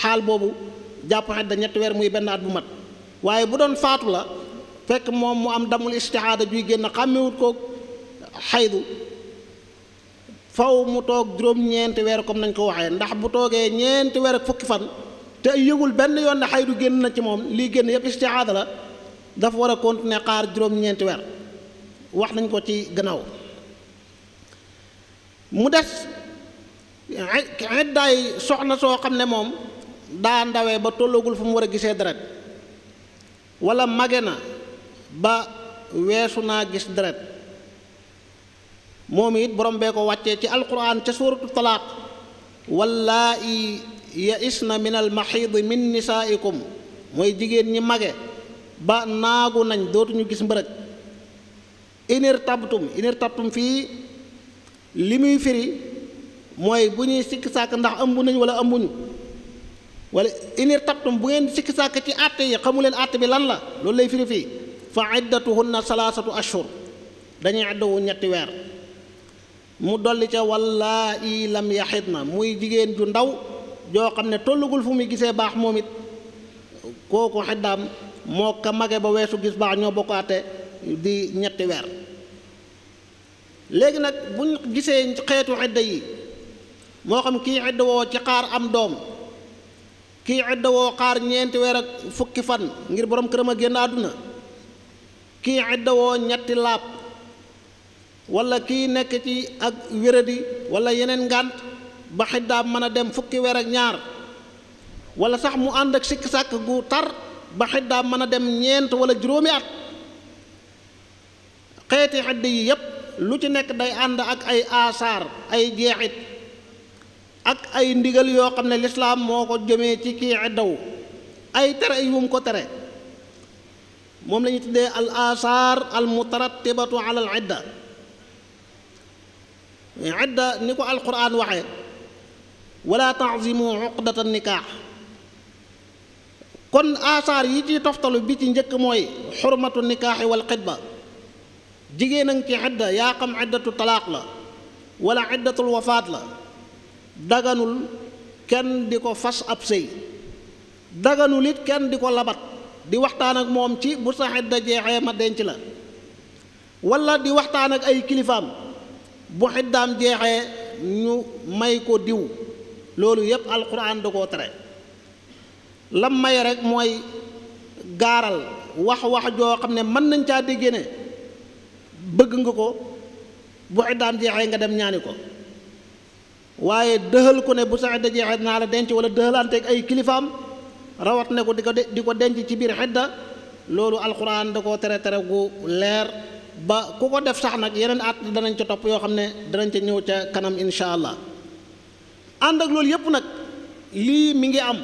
xaal boobu jàpp idda ñetti weer muy benn at bu mat waaye bu doon faatu la fekk moom mu am damul istihaada juy génn xàmmewut ko xaydu faw mu toog juróom-ñeenti weer comme nañ ko waxee ndax bu toogee ñeenti weer ak fukki fan te yëgul benn yoon ne xaydu génn na ci moom lii génn yépp istiaada la dafa war a continuer xaar juróom-ñeenti weer wax nañ ko ci gannaaw mu des iddaay soxna soo xam ne moom daa ndawe ba tolloogul fu mu war a gisee deret wala mage na ba weesu naa gis deret moom it borom bee ko wàccee ci alquran ca suuratu talaaq wallaa'i ya'isna min almaxiidi min nisaaikum mooy jigéen ñi mage ba naagu nañ dootuñu gis mbërëg inir tabtum inir tabtum fii li muy firi mooy bu ñuy sikki sàkk ndax ëmb nañ wala ëmbuñu wala inir tabtum bu ngeen sikki sàkk ci àtte yi xamu leen àtte bi lan la loolu lay firi fii fa iddatuhunna salaasatu ashhur dañuy iddawu ñetti weer mu dolli ca wallaa i lam yaxit na muy jigéen ju ndaw joo xam ne tollugul fu muy gisee baax moom it kooku xiddaam moo ka mage ba weesu gis baax ñoo bokk àtte di ñetti weer léegi nag bu gisee xeetu xidda yi moo xam kii xidda woo ci xaar am doom kii xidda woo xaar ñeenti weer ak fukki fan ngir borom këram a génn àdduna kii xidda woo ñetti laab wala kii nekk ci ak wéradi wala yeneen ngànt ba xiddaam mën a dem fukki wer ak ñaar wala sax mu ànd ak sikk sàkk gu tar ba xiddaam mën a dem ñeent wala juróomi at xeeti xidd yi yépp lu ci nekk day ànd ak ay aasaar ay jeexit ak ay ndigal yoo xam ne lislaam moo ko jëmee ci kii xiddaw ay tere yu mu ko tere moom lañu ñu tuddee al aasaar al mutaratibatu ala idda ni ko alquran waxee wala tanzimu uqdata nikaax kon asaar yi ci toftalu bi ci njëkk mooy xurmatu nikaaxi wal xidba jigéen a ngi ci idda yaa xam iddatu talaaq la wala iddatul wafaat la daganul kenn di ko fas ab sëy daganul it kenn di ko labat di waxtaan ak moom ci bu sa idda jeexee ma denc la wala di waxtaan ak ay kilifaam bu xiddaam jeexee ñu may ko diw loolu yépp alxuraan da koo tere lam may rek mooy gaaral wax wax joo xam ne mën nañ caa déggee ne bëgg nga ko bu xiddaam jeexee nga dem ñaani ko waaye dëxal ko ne bu sa xidda jeexee naa la denc wala dëxalanteeg ay kilifaam rawat ne ko di ko di ko denc ci biir xidda loolu alxuraan da ko tere tere gu leer ba ku ko def sax nag yeneen at danañ ca topp yoo xam ne danañ ca ñëw ca kanam incha allah ànd ak loolu yëpp nag lii mi ngi am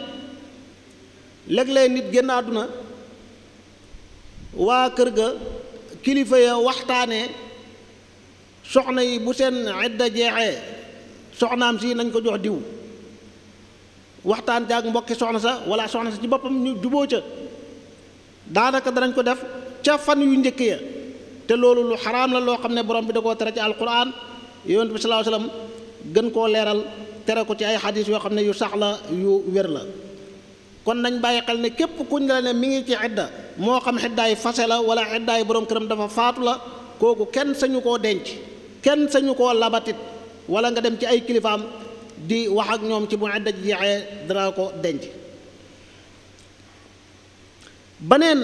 léeg-léeg nit génn àdduna waa kër ga kilifa ya waxtaanee soxna yi bu seen idda jeexee soxnaam si nañ ko jox diw waxtaan jaag mbokki soxna sa wala soxna sa ci boppam ñu juboo ca daanaka danañ ko def ca fan yu njëkk ya te loolu lu xaraam la loo xam ne borom bi da koo tere ci alquran yonent bi sallallahu alayhi wasallam gën koo leeral tere ko ci ay xadis yoo xam ne yu sax la yu wér la kon nañ bàyyi xel ne képp kuñ la ne mi ngi ci xidda moo xam xiddaay fase la wala xiddaay borom këram dafa faatu la kooku kenn sañu koo denc kenn sañu koo labatit wala nga dem ci ay kilifaam di wax ak ñoom ci bu xidda ji dana ko denc beneen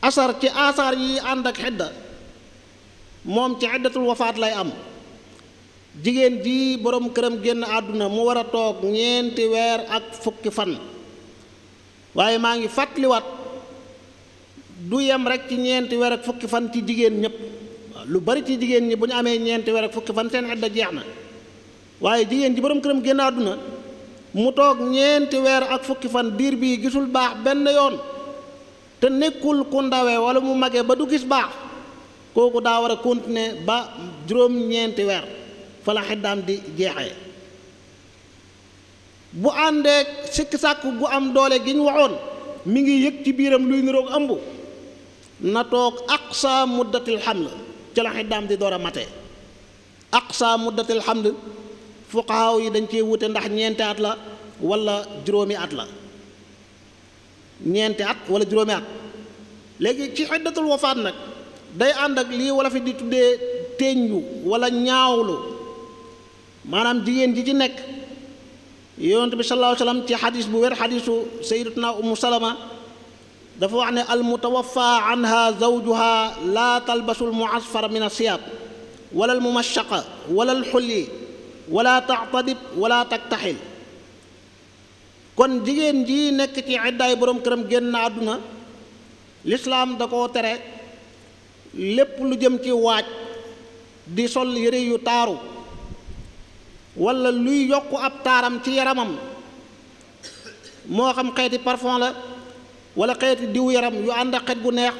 asar ci asaar yi ànd ak xidda moom ci xiddatul wafaat lay am jigéen ji borom këram génn àdduna mu war a toog ñeenti weer ak fukki fan waaye maa ngi fàttaliwaat du yem rek ci ñeenti weer ak fukki fan ci jigéen ñépp lu bari ci jigéen ñi bu ñu amee ñeenti weer ak fukki fan seen xidda jeex na waaye jigéen ji borom këram génn àdduna mu toog ñeenti weer ak fukki fan diir bii gisul baax benn yoon te nekkul ku ndawe wala mu magee ba du gis baax kooku daa war a continuer ba juróom-ñeenti weer fa la xiddaam di jeexee bu àndee sikk sàkk gu am doole gi ñu waxoon mi ngi yëg ci biiram luy niroog ëmb na toog ak sa muddatil xaml ci la xiddaam di door a mate aqsa muddatil xaml fuqahaw yi dañ cee wute ndax ñeenti at la walla juróomi at la ñeenti at wala juróomi at léegi ci xiddatul wafaat nag day ànd ak lii wala fi di tuddee teñju wala ñaawlu maanaam jigéen ji ci nekk yonent bi sallallahu alayhi ci xadis bu wér xadisu sayyidatuna ummu salama dafa wax ne al mutawaffa anha laa talbasu al min asiyaab wala al mumashaqa wala al xulyi wala taktaxil kon jigéen ji nekk ci iddaay boroom këram génn na àdduna lislaam da koo tere lépp lu jëm ci waaj di sol yëre yu taaru walla luy yokk ab taaram ci yaramam moo xam xeeti parfon la walla xeeti diw yaram yu ànd ak xet gu neex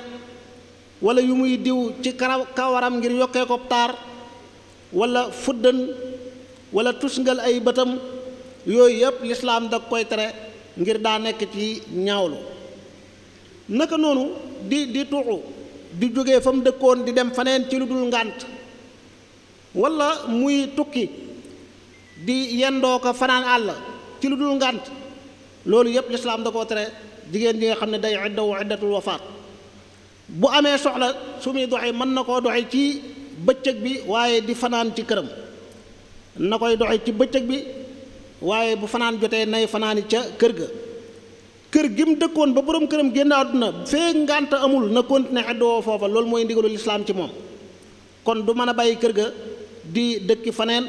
walla yu muy diw ci karaw kawaram ngir yokkee ko taar walla fuddën walla tusngal ay bëtam yooyu yëpp lislaam da koy tere ngir daa nekk ci ñaawlu naka noonu di di tuxu di jóge fa mu dëkkoon di dem faneen ci lu dul ngànt muy tukki di yendoo ko fanaan ci lu dul ngànt loolu yëpp lislaam da koo tere jigéen ji nga xam ne day iddawu iddatul wafaat bu amee soxla su muy doxee mën na koo doxee ci bëccëg bi waaye di fanaan ci këram na koy doxee ci bëccëg bi waaye bu fanaan jotee nay fanaani ca kër ga kër gi mu dëkkoon ba borom këram génn àdduna fee ngànt amul na continuer xeddoo foofa loolu mooy ndigalul islaam ci moom kon du mën a bàyyi kër ga di dëkki faneen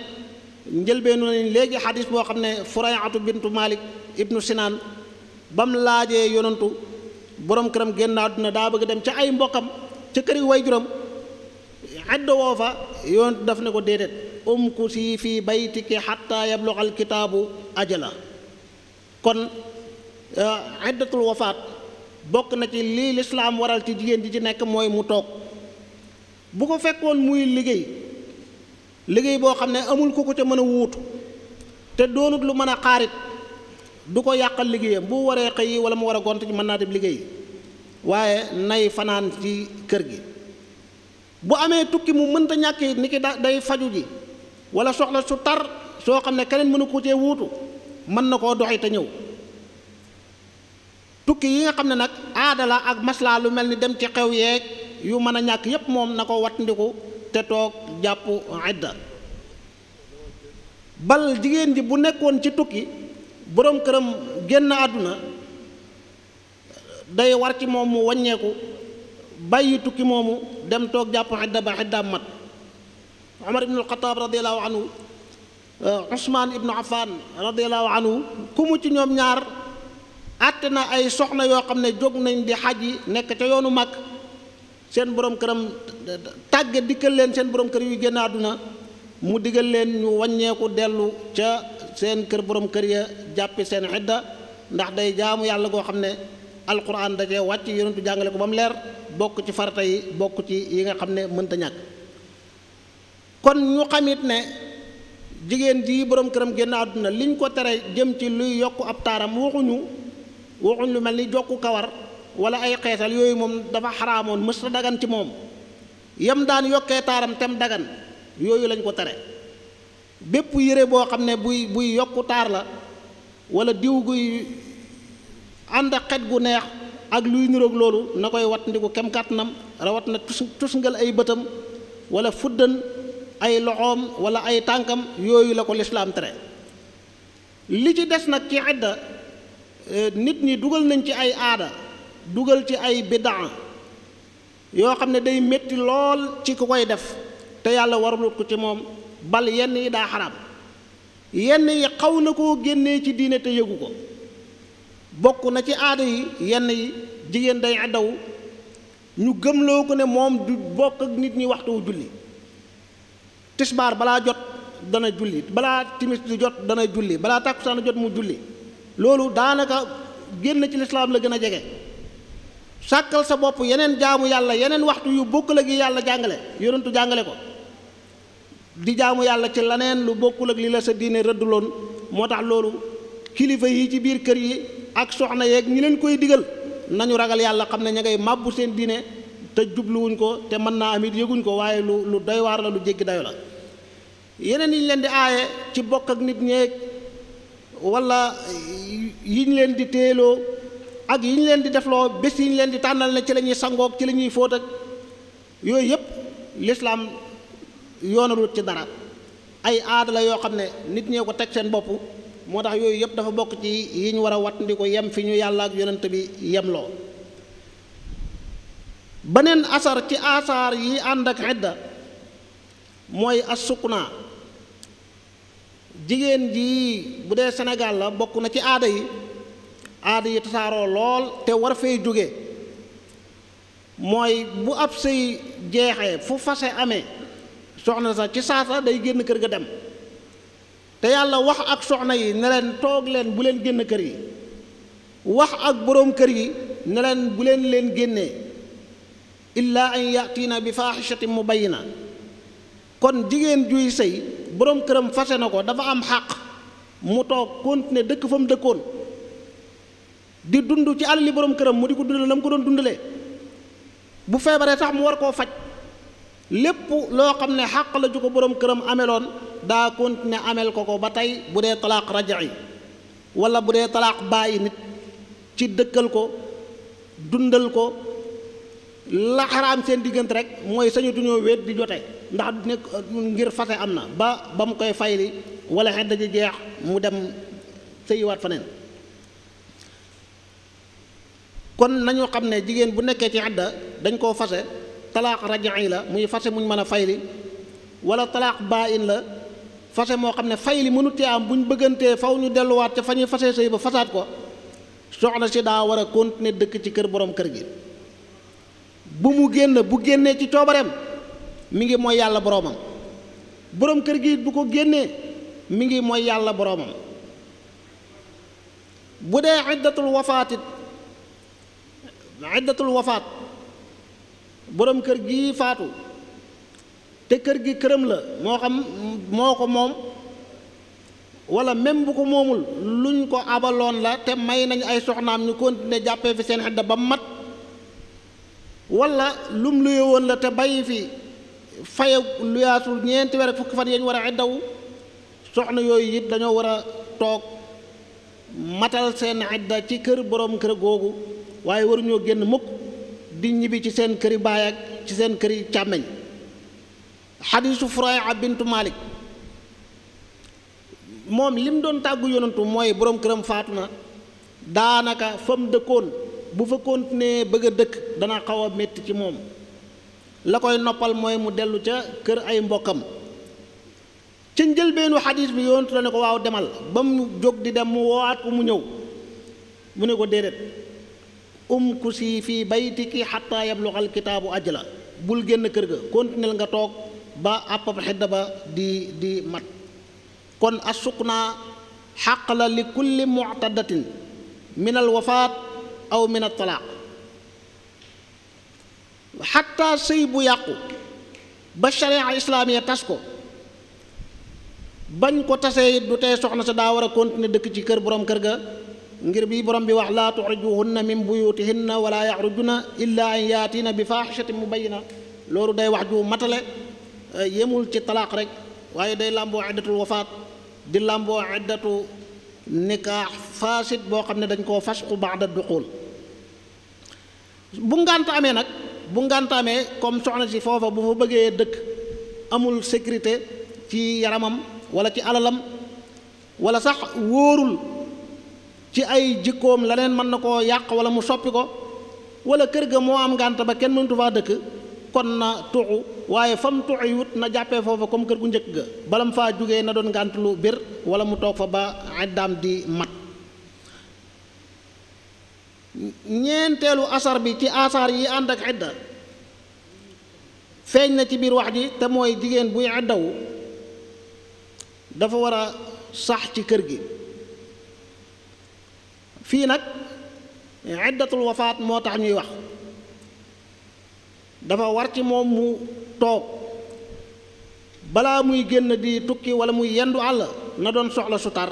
njëlbeenu nañ léegi xadis boo xam ne furayatu bintu malik ibnu sinaan ba mu laajee yonantu borom këram génn àdduna daa bëgg a dem ca ay mbokkam ca kër yi way juram xeddoo fa yonantu daf ne ko déedéet umkusi fii baytiki xatta yabluga alkitaabu ajala kon euh, iddatul wafaat bokk na ci lii lislaam waral ci jigéen ji ci nekk mooy mu toog bu ko fekkoon muy liggéey liggéey boo xam ne amul ku ko ca mën a wuutu te doonut lu mën a xaarit du ko yàqal liggéeyam bu waree xëy wala mu war a gont ci mën naa dem liggéey waaye nay fanaan ci kër gi bu amee tukki mu mënta ñàkk ni ki day faju ji wala soxla su tar soo xam ne keneen mënu ko cee wuutu mën na koo doxi te ñëw tukki yi nga xam ne nag aadala ak maslaa lu mel ni dem ci xew yee yu mën a ñàkk yépp moom na ko wattandiku te toog jàpp idda bal jigéen ji bu nekkoon ci tukki boroom këram génn àdduna day war ci moom mu wàññeeku bàyyi tukki moomu dem toog jàpp xidda ba xiddaam mat Omar ibn al-Khattab radiyallahu anhu Ousmane euh, ibn Affan radiyallahu anhu ku mu ci ñoom ñaar àtte na ay soxna yoo xam ne jóg nañ di xaj yi nekk ca yoonu mag seen borom këram tàgge dikkal leen seen borom kër yu génn àdduna mu digal leen ñu wàññeeku dellu ca seen kër borom kër ya jàppe seen idda ndax day jaamu yàlla goo xam ne alquran da cee wàcc yonentu jàngale ko ba mu leer bokk ci farata yi bokk ci yi nga xam ne mënta ñàkk kon ñu xamit ne jigéen ji boroom këram génn àdduna liñ ko tere jëm ci luy yokk ab taaram waxuñu waxuñ lu mel ni jokku kawar wala ay xeetal yooyu moom dafa xaraamoon mës dagan ci moom yam daan yokkee taaram tem dagan yooyu lañ ko tere bépp yére boo xam ne buy buy yokku taar la wala diw guy ànd ak xet gu neex ak luy niroog loolu na koy wat ndiku kem kàttanam rawat na tus tusngal ay bëtam wala fuddën ay loxoom wala ay tànkam yooyu la ko lislaam tere li ci des nag ci idda eh, nit ñi dugal nañ ci ay aada dugal ci ay bidaa yoo xam ne day metti lool ci ku koy def te yàlla warlut ko ci moom bal yenn yi daa xaraam yenn yi xaw na koo génnee ci diine te yëgu ko bokk na ci aada yi yenn yi jigéen day iddawu ñu gëmloo ko ne moom du bokk ak nit ñi waxtu julli tisbaar balaa jot dana julli balaa timis di jot dana julli balaa tàkkusaan jot mu julli loolu daanaka génn ci lislaam la gën a jege sàkkal sa bopp yeneen jaamu yàlla yeneen waxtu yu bokkul ak yi yàlla jàngale yonentu jàngale ko di jaamu yàlla ci leneen lu bokkul ak li la sa diine rëdduloon moo tax loolu kilifa yi ci biir kër yi ak soxna yeeg ñi leen koy digal nañu ragal yàlla xam ne ña ngay màbbu seen diine te jubluwuñ ko te mën naa am it yëguñ ko waaye lu lu doy la lu jéggi dayo la yeneen yiñ leen di aaye ci bokk ak nit ñeeg wala yiñ leen di téeloo ak yiñ leen di defloo bés yiñ leen di tànnal ne ci lañuy sangook ci lañuy ñuy fóot ak yooyu yëpp lislaam yoonalut ci dara ay aada yoo xam ne nit ñee ko teg seen bopp moo tax yooyu yëpp dafa bokk ci yi war a wat ndi ko yem fi ñu yàlla ak yonent bi yemloo beneen asar ci asaar yi ànd ak xidda mooy asukna jigéen ji bu dee Sénégal la bokk na ci aada yi aada yi tasaaroo lool te war fay jóge mooy bu ab sëy jeexee fu fase ame soxna sa ci saasa day génn kër ga dem te yàlla wax ak soxna yi ne toog leen bu leen génn kër yi wax ak boroom kër yi ne leen bu leen leen génnee illaa an yatiina bi faaxishatin mubayyina kon jigéen juy sëy boroom këram fase na ko dafa am xàq mu toog continuer dëkk fa mu dëkkoon di dund ci alali boroom këram mu di ko dundale la mu ko doon dundalee bu feebaree tax mu war koo faj lépp loo xam ne xàq la ju ko boroom këram ameloon daa continuer amel ko ko ba tey bu dee talaaq raja'i walla bu dee talaax bàyyi nit ci dëkkal ko dundal ko la xaraam seen diggante rek mooy sañu duñoo wéet di jote ndax nekk ngir fase am na ba ba mu koy fayli wala xet daji jeex mu dem sëyiwaat faneen kon nañu xam ne jigéen bu nekkee ci xedda dañ koo fase talaax rajai la muy fase muñ mën a fayli wala talaax baa in la fase moo xam ne fayli mënu tee am bu ñu bëggantee faw ñu delluwaat ca fa ñuy fase sëy ba fasaat ko soxna si daa war a continuer dëkk ci kër borom kër gi bu mu génn bu génnee ci coobareem mi ngi mooy yàlla boroomam boroom kër gi bu ko génnee mi ngi mooy yàlla boroomam bu dee iddatul wafaat it iddatul wafaat boroom kër gi faatu te kër gi këram la moo xam moo ko moom wala même bu ko moomul luñ ko abaloon la te may nañ ay soxnaam ñu continuer jàppee fi seen xedda ba mat walla lum luye woon la te bay fi faye luyaatul ñeenti wer ak fukki fan yañ war a iddawu soxna yooyu it dañoo war a toog matal seen idda ci kër borom kër googu waaye waruñoo génn mukk di ñibbi ci seen këri baay ak ci seen këri càmmeñ xadiisu Furayha bintu Malik moom lim doon tàggu yonantu mooy boroom këram faatu na daanaka fa mu dëkkoon bu fa continuer bëgg a dëkk dana xaw a métti ci moom la koy noppal mooy mu dellu ca kër ay mbokkam ca njëlbeenu xadis bi yoontu la ne ko waaw demal ba mu jóg di dem mu woowaat ko mu ñëw mu ne ko déedéet um ku si fii baytiki xataa yabluxal kitaabu ajla bul génn kër ga continuel nga toog ba àppab xedda di di mat kon assuq naa xaq la li kulli muctadatin minal wafaat aw min a talaaq xatta sëy bu yàqu ba sharia islaamiya tas ko bañ ko tasee it du tee soxna sa daa war a continuer dëkk ci kër borom kër ga ngir bi borom bi wax laa tuxrijuhunna min buyutihinna wala yaxrujuna illa an yaatiina bi faaxishatin mubayyina loolu day wax ju matale yemul ci talaaq rek waaye day làmboo iddatul wafaat di làmboo iddatu nikaax faasit boo xam ne dañ koo fasxu baada duxuul bu ngant amee nag bu ngant amee comme soxna si foofa bu fa bëggee dëkk amul sécurité ci yaramam wala ci alalam wala sax wóorul ci ay jikkoom leneen mën na koo yàq wala mu soppi ko wala kër ga moo am ngànt ba kenn mëntu faa dëkk kon na tuxu waaye fa mu wut na jàppee foofa comme kër gu njëkk ga bala mu faa jógee na doon ngant lu bir wala mu toog fa ba iddaam di mat ñeenteelu asar bi ci asaar yi ànd ak idda feeñ na ci biir wax ji te mooy jigéen buy iddawu dafa war a sax ci kër gi fii nag iddatul wafaat moo tax ñuy wax dafa war ci moom mu toog balaa muy génn di tukki wala muy yendu àll na doon soxla su tar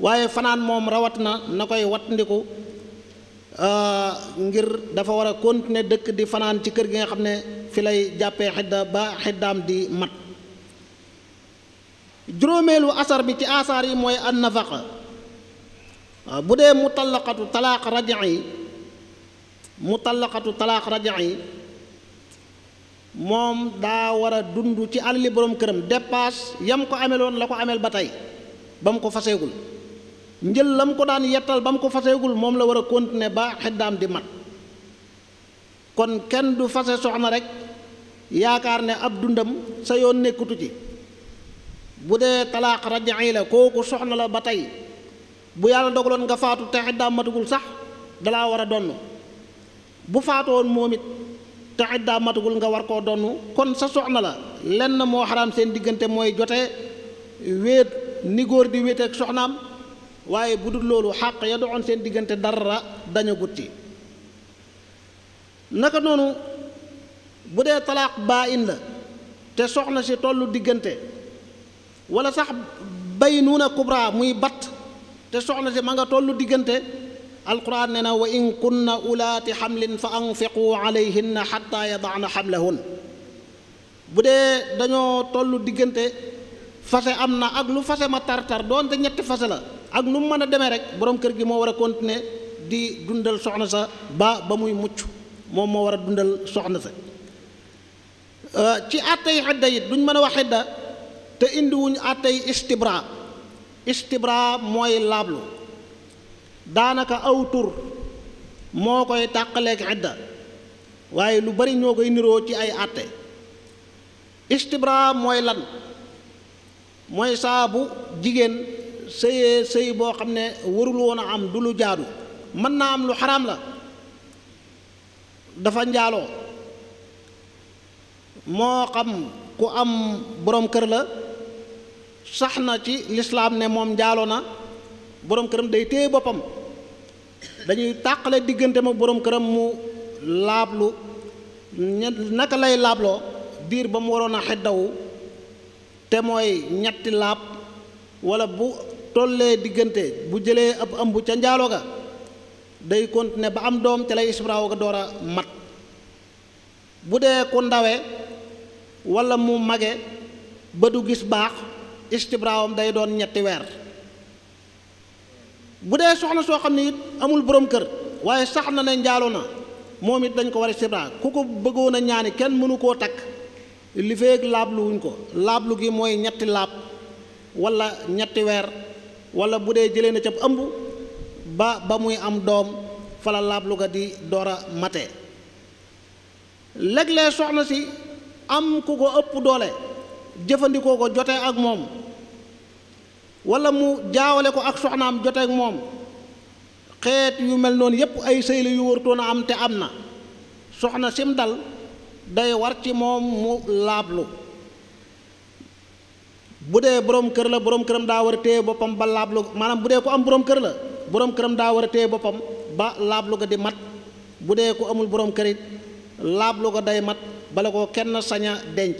waaye fanaan moom rawat na na koy wattandiku euh, ngir dafa war a continuer dëkk di fanaan ci kër gi nga xam ne fi lay jàppee xidda ba xiddaam di mat juróomeelu asar bi ci asaar yi mooy an nafaqa bu dee mutallaqatu talaaq rajax yi mutallaqatu talaax rajax yi moom daa war a dund ci alali boroom këram dépasse yam ko ameloon la ko amel ba tey ba mu ko faseegul njël la mu ko daan yettal ba mu ko faseegul moom la war a continuer ba xiddaam di mat kon kenn du fase soxna rek yaakaar ne ab dundam sa yoon nekkutu ci bu dee talaaq raj'i la kooku soxna la ba tey bu yàlla dogaloon nga faatu te xiddaam sax dalaa war a donn bu faatoon moom it te xiddaam nga war koo donn kon sa soxna la lenn moo xaraam seen diggante mooy jote wéet ni góor di wéeteeg soxnaam waaye bu dul loolu xàq ya doxoon seen diggante dara dañu gutti naka noonu bu dee talaaq baa in la te soxna si tollu diggante wala sax bay nuuna kubra muy bat te soxna si ma nga tollu diggante alquran ne na wa in kunna ulaati xamlin fa anfiqu alayhinna xatta yadana xamlahun bu dee dañoo tollu diggante fase am na ak lu fase ma tartar doonte ñetti fase la ak nu mu mën a demee rek boroom kër gi moo war a continuer di dundal soxna sa ba ba muy mucc moom moo war a dundal soxna sa euh, ci àttay xedda it duñ mën a wax xedda te indiwuñ àttay istibra istibra mooy laablu daanaka aw tur moo koy tàqaleeg xedda waaye lu bari ñoo koy niroo ci ay àtte istibra mooy lan mooy saabu jigéen sëyee sëy boo xam ne warul woon a am du lu jaadu mën naa am lu xaraam la dafa njaaloo moo xam ku am boroom kër la sax na ci lislaam ne moom njaaloo na boroom këram day téye boppam dañuy tàqale diggante ma boroom këram mu laablu naka lay laabloo diir ba mu waroon a xeddawu te mooy ñetti laab wala bu tollee diggante bu jëlee ab ëmb ca njaalo ga day continuer ba am doom ca lay isbraaw ga door a mat bu dee ku ndawe walla mu mage ba du gis baax istibraawam day doon ñetti weer bu dee soxna soo xam ne it amul boroom kër waaye sax na ne njaaloo na moom it dañ ko war a istibra ku ko bëggoon a ñaani kenn mënu koo takk li feeg laablu ko laablu gi mooy ñetti laab wala ñetti weer wala bu dee jëlee na ca ëmb ba ba muy am doom fala laablu ga di doora a mate léeg soxna si am ku ko ëpp doole jëfandikoo ko jotee ak moom wala mu jaawale ko ak soxnaam jotee ak moom xeet yu mel noonu yépp ay sëy yu wartoon a am te am na soxna sim dal day war ci moom mu laablu bu dee borom kër la borom këram daa war a téye boppam ba laablu maanaam bu dee ko am borom kër la borom këram daa war a téye boppam ba laablu ga di mat bu dee ko amul boroom kërit it laablu ga day mat bala ko kenn saña denc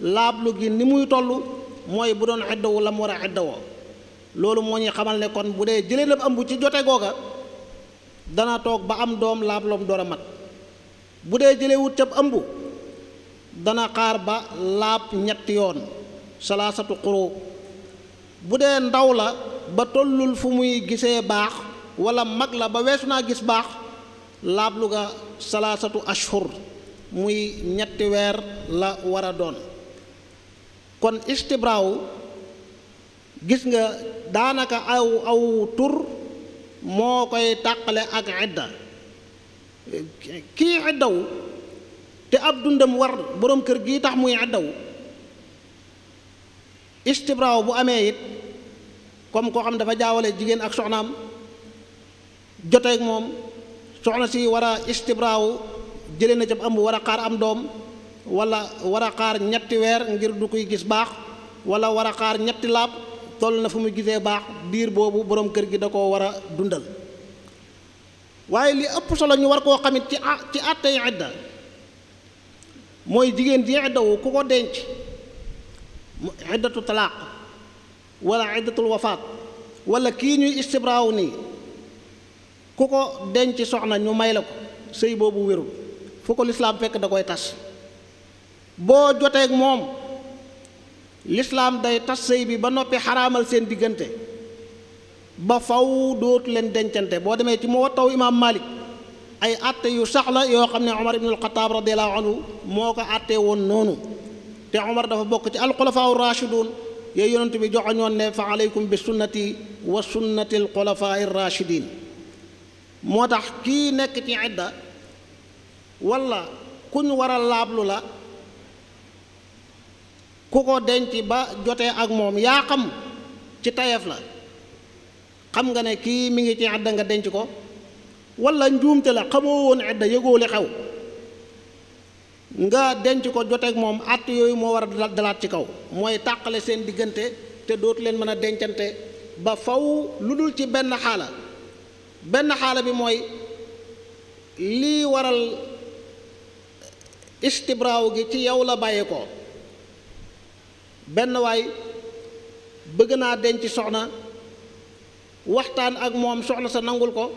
laablu gi ni muy toll mooy bu doon eddawu la mu war a eddawoo loolu moo ñi xamal ne kon bu dee jëlee na ëmb ci jote googa dana toog ba am doom laabloom door a mat bu dee jëlee wut cab ëmb dana xaar ba laab ñetti yoon salaasatu xuru bu dee ndaw la ba tollul fu muy gisee baax wala mag la ba weesu naa gis baax laablu ga salaasatu ashhur muy ñetti weer la war a doon kon istibraaw gis nga daanaka aw aw tur moo koy tàqale ak idda kii iddaw te ab dundam war boroom kër gi tax muy iddaw istibraaw bu amee it comme koo xam dafa jaawale jigéen ak soxnaam joteeg moom soxna si war a istibraaw jëlee na ca ëmb war a xaar am doom walla war a xaar ñetti weer ngir du koy gis baax wala war a xaar ñetti laab toll na fu mu gisee baax biir boobu boroom kër gi da koo war a dundal waaye li ëpp solo ñu war koo xamit ci ci àttey mooy jigéen ji idda wu ku ko denc iddatu talaaq wala iddatul wafaat wala kii ñuy istibraaw nii ku ko denc soxna ñu may la ko sëy boobu wérul fu ko lislaam fekk da koy tas boo joteeg moom lislaam day tas sëy bi ba noppi xaraamal seen diggante ba faw dootu leen dencante boo demee ci Muwatta imaam Malik ay àtte yu sax la yoo xam ne Omar ibnul Xataab radiyallaahu anhu moo ko àtte woon noonu te Omar dafa bokk ci alxulafaawu rachidun yooyu yonent bi joxoñoon ne fa aleykum bi sunnati wa sunnati alxulafaa'i rachidin moo tax kii nekk ci idda walla ku ñu war a laablu la ku ko denc ba jotee ak moom yaa xam ci tayeef la xam nga ne kii mi ngi ci idda nga denc ko wala njuumte la xamoo woon idda yëgoo li xew nga denc ko joteeg moom att yooyu moo war a dalaat ci kaw mooy tàqale seen diggante te dootu leen mën a dencante ba faw lu dul ci benn xaala benn xaala bi mooy lii waral istibraaw gi ci yow la bàyyee ko benn waay bëgg naa denc soxna waxtaan ak moom soxna sa nangul ko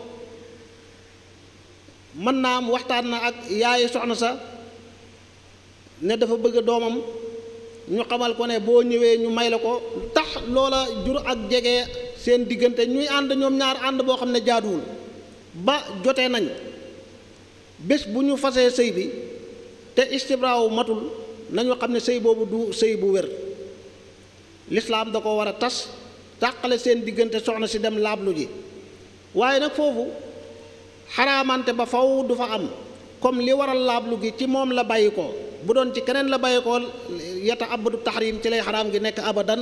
mën naa am waxtaan na ak yaayu soxna sa ne dafa bëgg doomam ñu xamal ko ne boo ñëwee ñu may la ko tax loola jur ak jege seen diggante ñuy ànd ñoom ñaar ànd boo xam ne jaaduwul ba jotee nañ bés bu ñu fasee sëy bi te istibraaw matul nañu xam ne sëy boobu du sëy bu wér lislaam da ko war a tas tàqale seen diggante soxna si dem laablu ji waaye nag foofu xaraamante ba faw du fa am comme li waral laablu gi ci moom la bàyyi ko bu doon ci keneen la bàyyikool yata abadu taxrim ci lay xaraam gi nekk abadan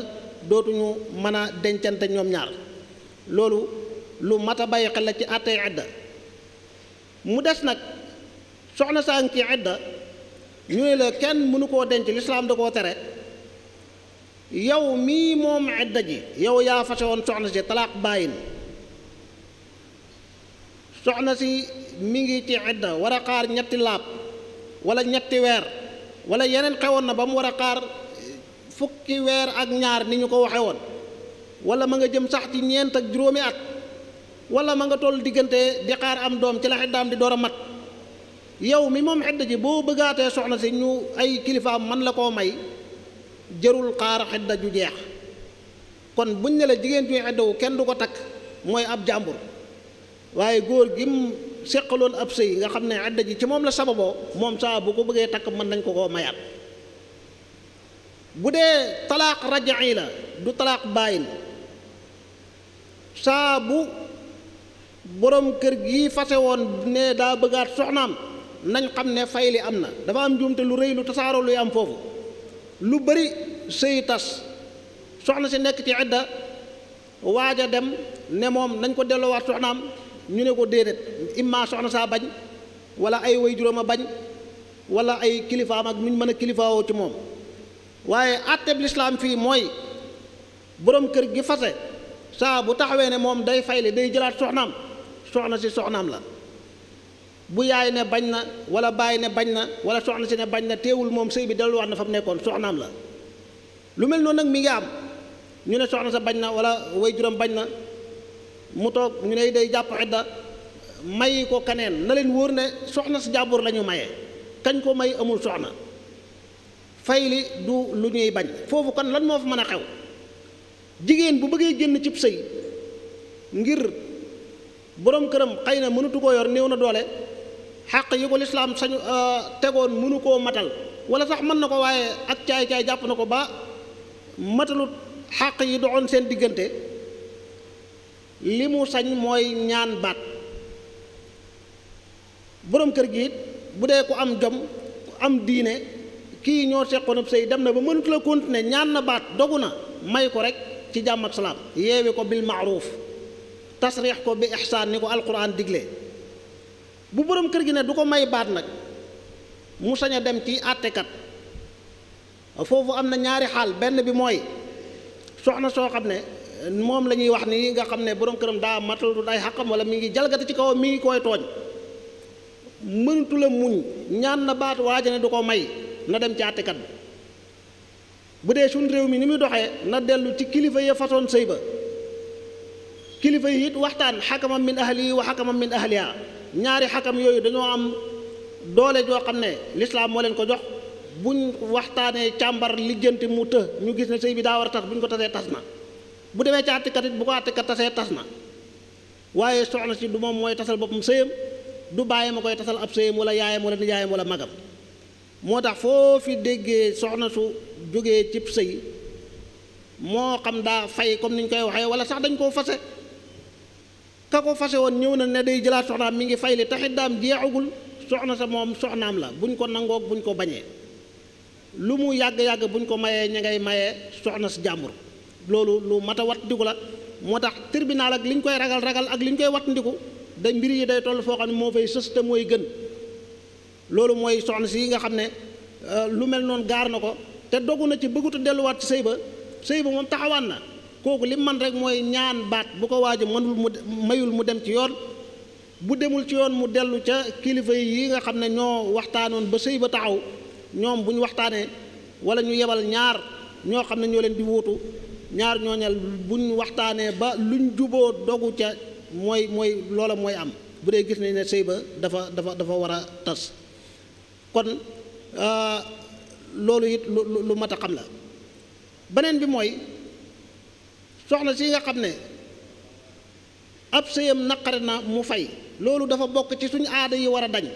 dootuñu mën a dencante ñoom ñaar loolu lu mat a bàyyi xel la ci àttey idda mu des nag soxna saang ci idda ñu ne la kenn mënu koo denc lislaam da koo tere yow mii moom idda ji yow yaa fase woon soxna si talaaq bàyyin soxna si mi ngi ci idda war a xaar ñetti laab wala ñetti weer wala yeneen xewoon na ba mu war a xaar eh, fukki weer ak ñaar ni ñu ko waxe woon wala ma nga jëm sax ci ñeent ak juróomi at wala ma nga toll diggante di xaar am doom ci la xiddaam di door a mat yow mi moom xedd ji boo bëggaatee soxna si ñu ay kilifaam man la koo may jërul xaar xedda ju jeex kon buñ ne la jigéen juy xeddawu kenn du ko takk mooy ab jàmbur waaye góor gi seqaloon ab sëy nga xam ne adda ji ci moom la sababoo moom saa bu ko bëggee takk mën nañ ko koo mayaat bu dee talaaq rajai la du talaaq bàyyil saa bu borom kër gi fase woon ne daa bëggaat soxnaam nañ xam ne fay li am na dafa am njuumte lu rëy lu tasaaroo luy am foofu lu bari sëy tas soxna si nekk ci adda waaj a dem ne moom nañ ko delloowaat soxnaam ñu ne ko déedéet imma soxna saa bañ wala ay way juróoma bañ wala ay kilifaam ak nuñ mën a kilifaawoo ci moom waaye àtteb lislaam fii mooy boroom kër gi fase saa bu taxawee ne moom day fay fayle day jëlaat soxnaam soxna si soxnaam la bu yaay ne bañ na wala bàyyi ne bañ na wala soxna si ne bañ na teewul moom sëy bi delluwaat na fa mu nekkoon soxnaam la lu mel noonu nag mi ngi am ñu ne soxna sa bañ na wala woy juróom bañ na mu toog ñu ne day jàpp idda may ko kaneen na leen wóor ne soxna si jàmbur la ñu kañ ko may amul soxna fay li du lu ñuy bañ foofu kan lan moo fa mën a xew jigéen bu bëggee génn cib sëy ngir boroom këram xëy na mënatu koo yor néew na doole xàq yi ko lislaam sañu euh, tegoon mënu koo matal wala sax mën na ko waaye ak caay-caay jàpp na ko ba matalu xàq yi doxoon seen diggante li mu sañ mooy ñaan baat boroom kër gi it bu dee ku am jom ku am diine kii ñoo seqoon ab sëy dem na ba mënut la continuer ñaan na baat dogu na may ko rek ci jàmm ak salaam yeewi ko bil maaruuf tasriix ko bi ixsaan ni ko alquran digle bu boroom kër gi ne du ko may baat nag mu sañ a dem ci àttekat foofu am na ñaari xaal benn bi mooy soxna soo xam ne moom la ñuy wax ni nga xam ne borom këram daa matal du day xàqam wala mi ngi jalgati ci kaw mi ngi koy tooñ mëntu la muñ ñaan na baat waaja ne du ko may na dem ci àttekat bi bu dee suñ réew mi ni muy doxee na dellu ci kilifa ya façon sëy ba kilifa yi it waxtaan xakamam min ahli wa xakamam min ahliha ñaari xakam yooyu dañoo am doole joo xam ne lislaam moo leen ko jox bu ñu waxtaanee càmbar lijjanti mu të ñu gis ne sëy bi daa war a tas buñ ko tasee tas bu demee ci àttekat it bu ko àttekat tasee tas na waaye soxna si du moom mooy tasal boppam sëyam du bàyyi ma koy tasal ab sëyam wala yaayam wala nijaayam wala magam moo tax foo fi déggee soxna su jógee cib sëy moo xam daa fay comme niñ koy waxee wala sax dañ koo fase ka ko fase woon ñëw na ne day jëlaat soxnaam mi ngi fay li taxit daam jeexagul soxna sa moom soxnaam la buñ ko nangoog buñ ko bañee lu mu yàgg-yàgg buñ ko mayee ña ngay mayee soxna si jàmbur loolu lu mat a wattandiku la moo tax tribunal ak li ñu koy ragal ragal ak li ñu koy wattandiku da mbir yi day toll foo xam ne moo fay sës te mooy gën loolu mooy soxna si yi nga xam ne euh, lu mel noonu gaar na ko te dogu na ci bëggutu delluwaat ci sëy ba sëy ba moom taxawaan na kooku li man rek mooy ñaan baat bu ko waajo mënul mu mayul mu dem ci yoon bu demul ci yoon mu dellu ca kilifa yi nga xam ne ñoo waxtaanoon ba sëy ba taxaw ñoom bu ñu waxtaanee wala ñu yebal ñaar ñoo xam ne ñoo leen di wuutu ñaar ñooñal buñ waxtaanee ba luñ juboo dogu ca mooy mooy loola mooy am bu dee gis nañ ne sëy ba dafa dafa dafa war a tas kon euh, loolu it lu lu mat a xam la beneen bi mooy soxna si nga xam ne ab sëyam naqari na mu fay loolu dafa bokk ci suñu aada yi war a dañ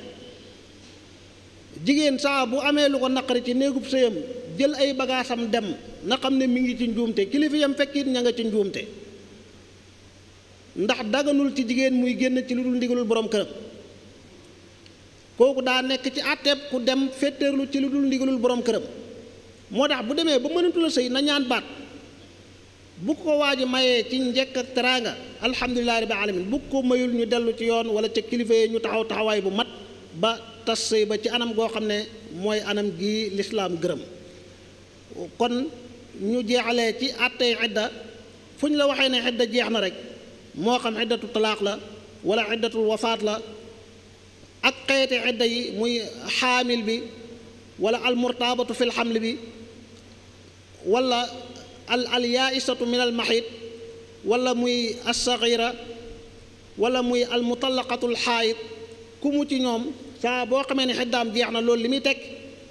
jigéen saa bu amee lu ko naqari ci néegub sëyam jël ay bagaasam dem na xam ne mi ngi ci njuumte kilifa yam fekkit ña nga ci njuumte ndax daganul ci jigéen muy génn ci lu dul ndigalul borom këram kooku daa nekk ci àtteeb ku dem féeteerlu ci lu dul ndigalul borom këram moo tax bu demee ba mënatu la sëy na ñaan baat bu ko waa ji mayee ci njëkk ak teraanga alhamdulilahi rabbil alamin bu ko mayul ñu dellu ci yoon wala ca kilifa yi ñu taxaw taxawaay bu mat ba tas sëy ba ci anam goo xam ne mooy anam gii lislaam gërëm kon ñu jeexalee ci àttey idda fu ñu la waxee ne idda jeex na rek moo xam iddatu talaaq la wala iddatul wafaat la ak xeeti yi muy xaamil bi wala almurtaabatu fi lxamli bi wala al al yaaisatu min al maxit wala muy alsagira wala muy almutallaqatu alxaayit ku mu ci ñoom saa boo xamee ne xiddaam jeex na loolu li muy tekk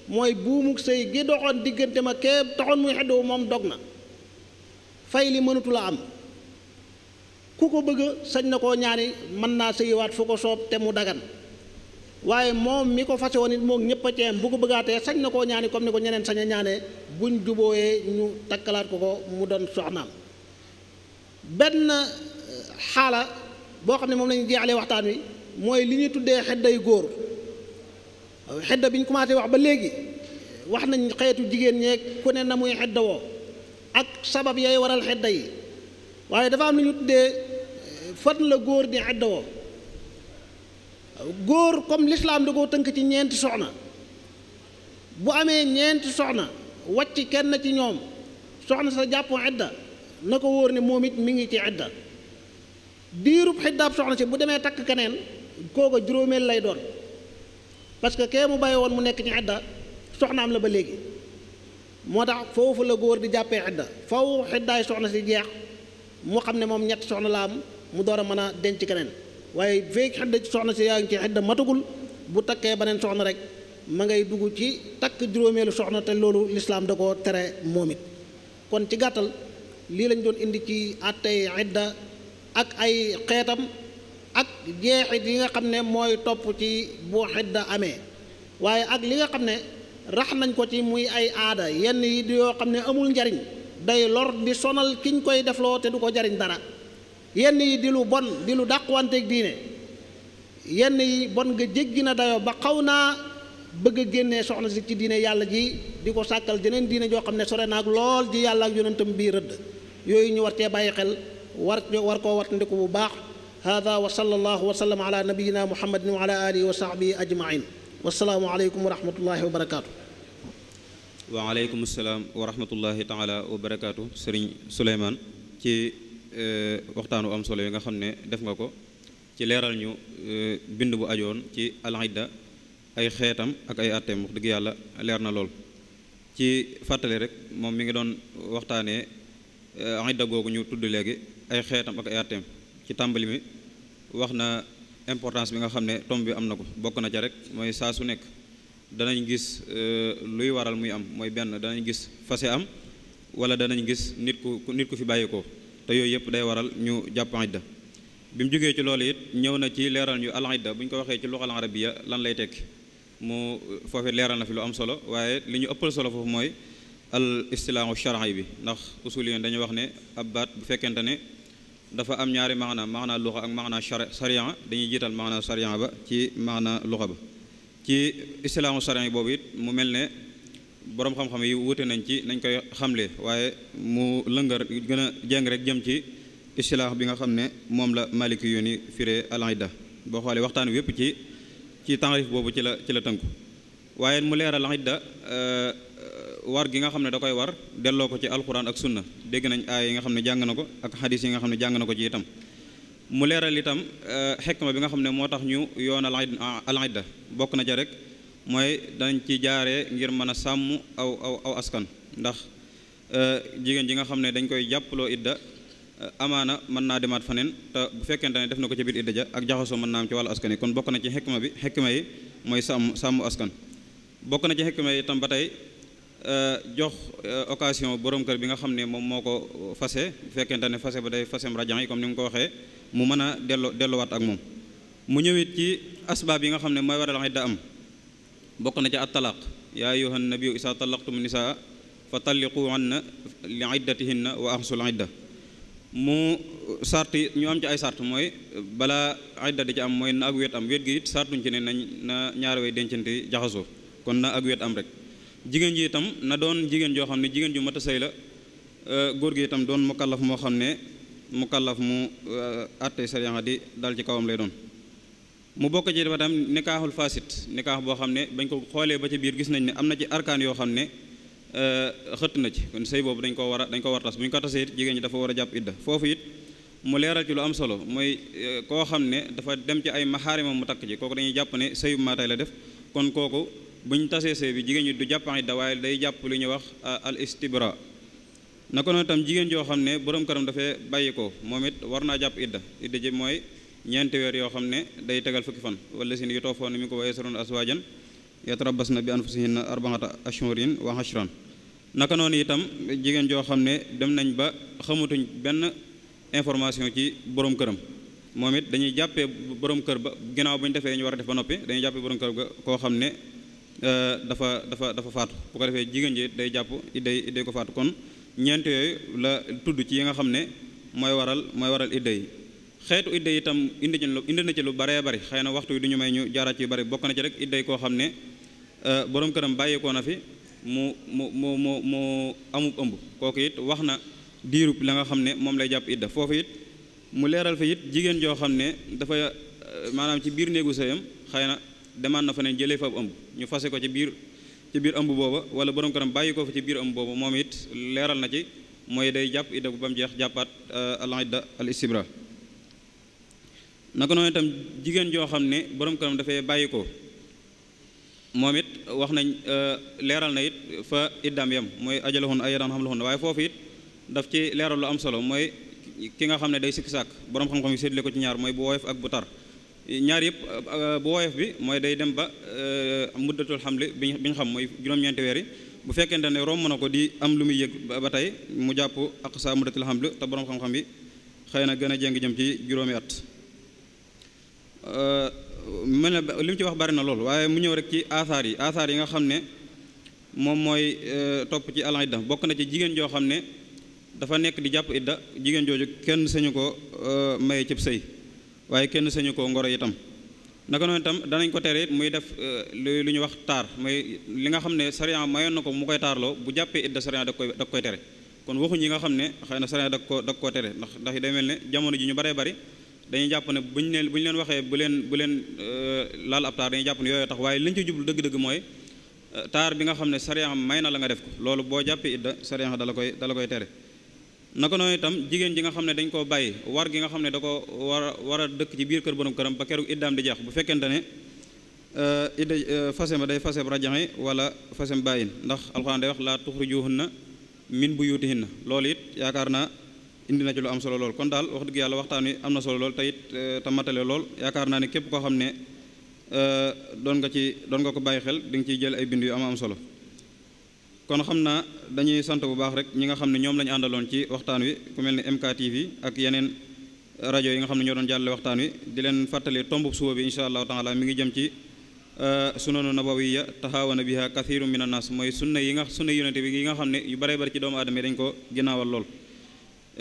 mooy buumu sëy gi doxoon diggante ma képp taxoon muy xeddowu moom dog na fay li mënatul a am ku ko bëgg sañ na koo ñaani mën naa sëyiwaat fu ko soob te mu dagan waaye moom mi ko fase woon it moom ñëpp a ceem bu ko bëggaatee sañ na koo ñaani comme ni ko ñeneen sañ a buñ buñ jubooyee ñu takkalaat ko ko mu doon soxnaam benn euh, xaala boo xam ne moom lañu jeexalee waxtaan wi mooy li ñu tuddee xedday góor xedda bi ñu commencé wax ba léegi wax nañ xeetu jigéen ñeeg ku ne na muy xedda woo ak sabab yay waral xedda yi waaye dafa am lu ñu tuddee fan la góor di xedda woo góor comme lislaam da koo tënk ci ñeenti soxna bu amee ñeenti soxna wàcc kenn ci ñoom soxna sa jàpp xedda na ko wóor ne moom it mi ngi ci xedda diirub xeddaab soxna si bu demee takk keneen kooka juróomeel lay doon parce que kee mu bàyyi woon mu nekk ci idda soxnaam la ba léegi moo tax foofu la góor di jàppee idda faw xiddaay soxna si jeex mu xam ne moom ñetti soxna la am mu door a mën a denc keneen waaye feek xidda ci soxna si yaa ngi ci xidda matagul bu takkee beneen soxna rek ma ngay dugg ci takk juróomeelu soxna te loolu lislaam da koo tere moom it kon ci gàttal lii lañ doon indi ci àttey idda ak ay xeetam ak jeexit yi nga xam ne mooy topp ci bu xidda amee waaye ak li nga xam ne rax nañ ko ci muy ay aada yenn yi di yoo xam ne amul njariñ day lor bi sonal kiñ koy defloo te du ko jariñ dara yenn yi di lu bon di lu dàqwanteeg diine yenn yi bon ga jéggi na dayoo ba xaw naa bëgg a génnee soxna si ci diine yàlla ji di ko sàkkal jeneen diine joo xam ne sore naag lool ji yàlla ak yonentam bii rëdd yooyu ñu war cee bàyyi xel war war koo wattandiku bu baax hada wa sallallahu wa sallam ala nabiyina muhammadin wa ala alihi wa sahbihi ajmain wasalaamu aleykum salaam wa rahmatullahi taala wa barakaatu sëriñ Souleymane ci waxtaanu am solo yi nga xam ne def nga ko ci leeral ñu bind bu ajoon ci alxidda ay xeetam ak ay atteem wax dëgg yàlla leer na lool ci fàttali rek moom mi ngi doon waxtaanee alxidda ñu tudd léegi ay xeetam ak ay atteem ci tàmbali mi wax na importance bi nga xam ne tomb bi am na ko bokk na ca rek mooy saa su nekk danañ gis euh, luy waral muy am mooy benn danañ gis fase am wala danañ gis nit ku nit ku fi bàyyikoo te yooyu yëpp day waral ñu jàpp idda bi mu jógee ci loolu it ñëw na ci leeral ñu al bu ñu ko waxee ci bi ya lan lay tekki mu foofee leeral na fi lu am solo waaye li ñu ëppal solo foofu mooy al istilaahu shar'i bi ndax usul yi dañu wax ne ab baat bu fekkente ne dafa am ñaari maana maana luxa ak maana sariya dañuy jiital maana sariya ba ci maana luxa ba ci islaamu sariya boobu it mu mel ne boroom xam-xam yi wute nañ ci nañ koy xamle waaye mu lëngër gën a jeng rek jëm ci islaax bi nga xam ne moom la maliki yu ni firee al-idda boo xoolee waxtaan wépp ci ci taarif boobu ci la ci la tënku waaye mu leeral al-idda euh, war gi nga xam ne da koy war delloo ko ci alxuraan ak sunna dégg nañ aay yi nga xam ne jàng na ko ak xadis yi nga xam ne jàng na ko ci itam mu leeral itam eh, ma bi nga xam ne moo tax ñu yoon ah, al idda bokk na ca rek mooy dañ ci jaare ngir mën a sàmm aw aw aw askan ndax eh, jigéen ji nga xam ne dañ koy jàppaloo idda eh, amaana mën naa demaat faneen te bu fekkente ne def na ko ci biir idda ja ak jaxasoo mën naa am ci wàllu askan yi kon bokk na ci xekma bi xekma yi mooy sàmm sàmm askan itam ba tey Euh, jox euh, occasion borom kër bi nga xam ne moom moo ko fase bu fekkente ne fase ba day fasem rajan yi comme ni nga ko waxee mu mën a dellu delluwaat ak moom mu ñëwit ci asbaab yi nga xam ne mooy waral idda am bokk na ci at talaq yaa ayyuhan nabiyyu isaa talaqtum nisaa fa talliquhunna li na wa ahsul idda mu sart ñu am ci ay sart mooy balaa idda di ci am mooy na ak wet am wet gi it sartuñ ci ne nañ na ñaari way dencante jaxasoo kon na ak wet rek jigéen ji itam na doon jigéen joo xam ne jigéen ju mat a sëy la euh, góor gi itam doon mukallaf moo xam ne mukallaf mu euh, àtte sariya di dal ci kawam lay doon mu bokk ci dafa tam nikaaxul fasit nikaax boo xam ne bañ ko xoolee ba ci biir gis nañ ne am na ci arkaan yoo xam ne euh, xëtt na ci kon sëy boobu dañ ko war a ko war tas bu ñu ko tasee it jigéen ñi dafa war a jàpp idda foofu it mu leeral ci lu am solo mooy koo xam ne dafa dem ci ay maxaari maxaarima mu takk ci kooku dañuy jàpp ne sëyu maatay la def kon kooku buñ tasee sëy bi jigéen ñi du jàppan da waaye day jàpp lu ñu wax euh, al istibra naka noonu itam jigéen joo xam ne borom këram dafay bàyyi ko moom it war naa jàpp idda idda mooy ñeenti weer yoo xam ne day tegal fukki fan wala sin yu toofoon mi ko wa yasrun aswajan yatarabas na bi anfusihinna arbaata ashhurin wa ashran naka noonu itam jigéen joo xam ne dem nañ ba xamatuñ benn information ci borom këram moom it dañuy jàppee borom kër ba ginnaaw ba ñu defee ñu war a def ba noppi dañuy jàppee borom kër ba koo xam ne Euh, dafa dafa dafa faatu bu ko defee jigéen ji day jàpp idday idday ko faatu kon ñeent yooyu la tudd ci yi nga xam ne mooy waral mooy waral idda yi xeetu idda yi itam indi ci lu indi na ci lu baree bari xëy na waxtu wi du ñu may ñu jaaraat ci yu bari bokk na ci rek idda yi koo xam ne euh, borom këram bàyyeekoo na fi mu mu mu mu mu amub ëmb kooku it wax na diirub la nga xam ne moom lay jàpp idda foofu it mu leeral fi it jigéen joo xam ne dafa euh, maanaam ci biir néegu sëyam xëy na demaan na fa ne jëlee fa ëmb ñu fase ko ci biir ci biir ëmb booba wala borom këram bàyyi ko fa ci biir ëmb booba moom it leeral na ci mooy day jàpp idda bu ba mu jeex jàppaat euh, al idda naka noonu itam jigéen joo xam ne borom këram dafay moom it wax nañ euh, leeral na it fa iddaam yam mooy ajal ajalohun ayadaan xam lahun waaye foofu it daf ci leeral lu am solo mooy ki nga xam ne day sikki sàkk borom xam-xam yi séddale ko ci ñaar mooy bu woyof ak bu tar ñaar yëpp euh, bu woyof bi mooy day dem ba euh, muddatul xamli bi bi ñu xam mooy juróom-ñeenti weer yi bu fekkente ne romb na ko di am lu muy yëg ba tey mu jàpp aqsa muddatul xamli te borom xam-xam yi xëy na gën a jéng jëm ci juróomi at euh, mel na li ci wax bari na lool waaye mu ñëw rek ci aasaar yi aasaar yi nga xam ne moom mooy topp ci alan idda bokk na ci jigéen joo xam ne dafa nekk di jàpp idda jigéen jooju kenn sañu ko maye cib sëy waaye kenn sañu koo ngoro itam naka noonu itam danañ ko tere it muy def euh, lu lu ñu wax taar muy li nga xam ne sariya mayoon na ko mu koy taarloo bu jàppee idda sariya da da koy tere kon waxuñ yi nga xam ne xëy na sariya da ko da koo tere ndax ndax day mel ne jamono ji ñu baree bari dañuy jàpp ne buñu leen bu ñu leen waxee bu leen bu leen euh, laal ab taar dañuy jàpp yooyu tax waaye liñ ci jublu dëgg-dëgg mooy euh, taar bi nga xam ne sariya may na la nga def ko loolu boo jàppee idda sariya dala koy da la koy tere naka noonu itam jigéen ji nga xam ne dañ koo bàyyi war gi nga xam ne da ko war a war a dëkk ci biir kër borom këram ba keroog iddaam di jeex bu fekkente ne euh, idda euh, ba day faseb rajaxe wala fasem bàyyin ndax alxuraan day wax laa na bu tuxrijuhunna min na loolu it yaakaar naa indi na ci lu am solo lool kon daal wax dëgg yàlla waxtaan wi am na solo lool te it euh, te lool yaakaar naa ne képp koo xam ne doon nga ci doon nga ko bàyyi xel di nga ciy jël ay bind yu am am solo kon xam naa dañuy sant bu baax rek ñi nga xam ne ñoom la ñu àndaloon ci waxtaan wi ku mel ne MKTV ak yeneen rajo yi nga xam ne ñoo doon jàllale waxtaan wi di leen fàttali tombu suba bi incha allahu taala mi ngi jëm ci euh, sunanu nabawiya taxaawana biha kathiru min an nas mooy sunna yi nga sunna yonente bi yi nga xam ne yu bare bari ci doomu aadama yi ko ginnaawal lool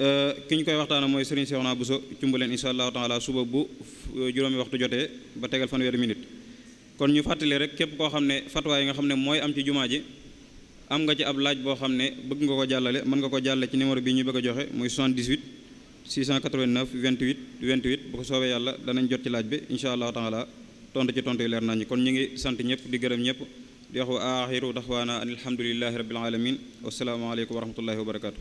euh, ki ñu koy waxtaana mooy Serigne Cheikhouna Bousso cumbaleen incha allahu taala suba bu euh, juróomi waxtu jotee ba tegal fanweeri minute kon ñu fàttali rek képp koo xam ne fatwa yi nga xam ne mooy am ci jumaa ji am nga ci ab laaj boo xam ne bëgg nga ko jàllale mën nga ko jàllale ci numéro bii ñu bëgg a joxe muy 78 689 28 28 bu ko soobee yàlla danañ jot ci laaj bi incha allahu taala tontu ci tontu yu leer nañu kon ñu ngi sant ñëpp di gërëm ñëpp di wax wa axiru daxwaana an alhamdulilahi rabil alamin wasalaamualeykum wa rahmatullahi wa barakaatu.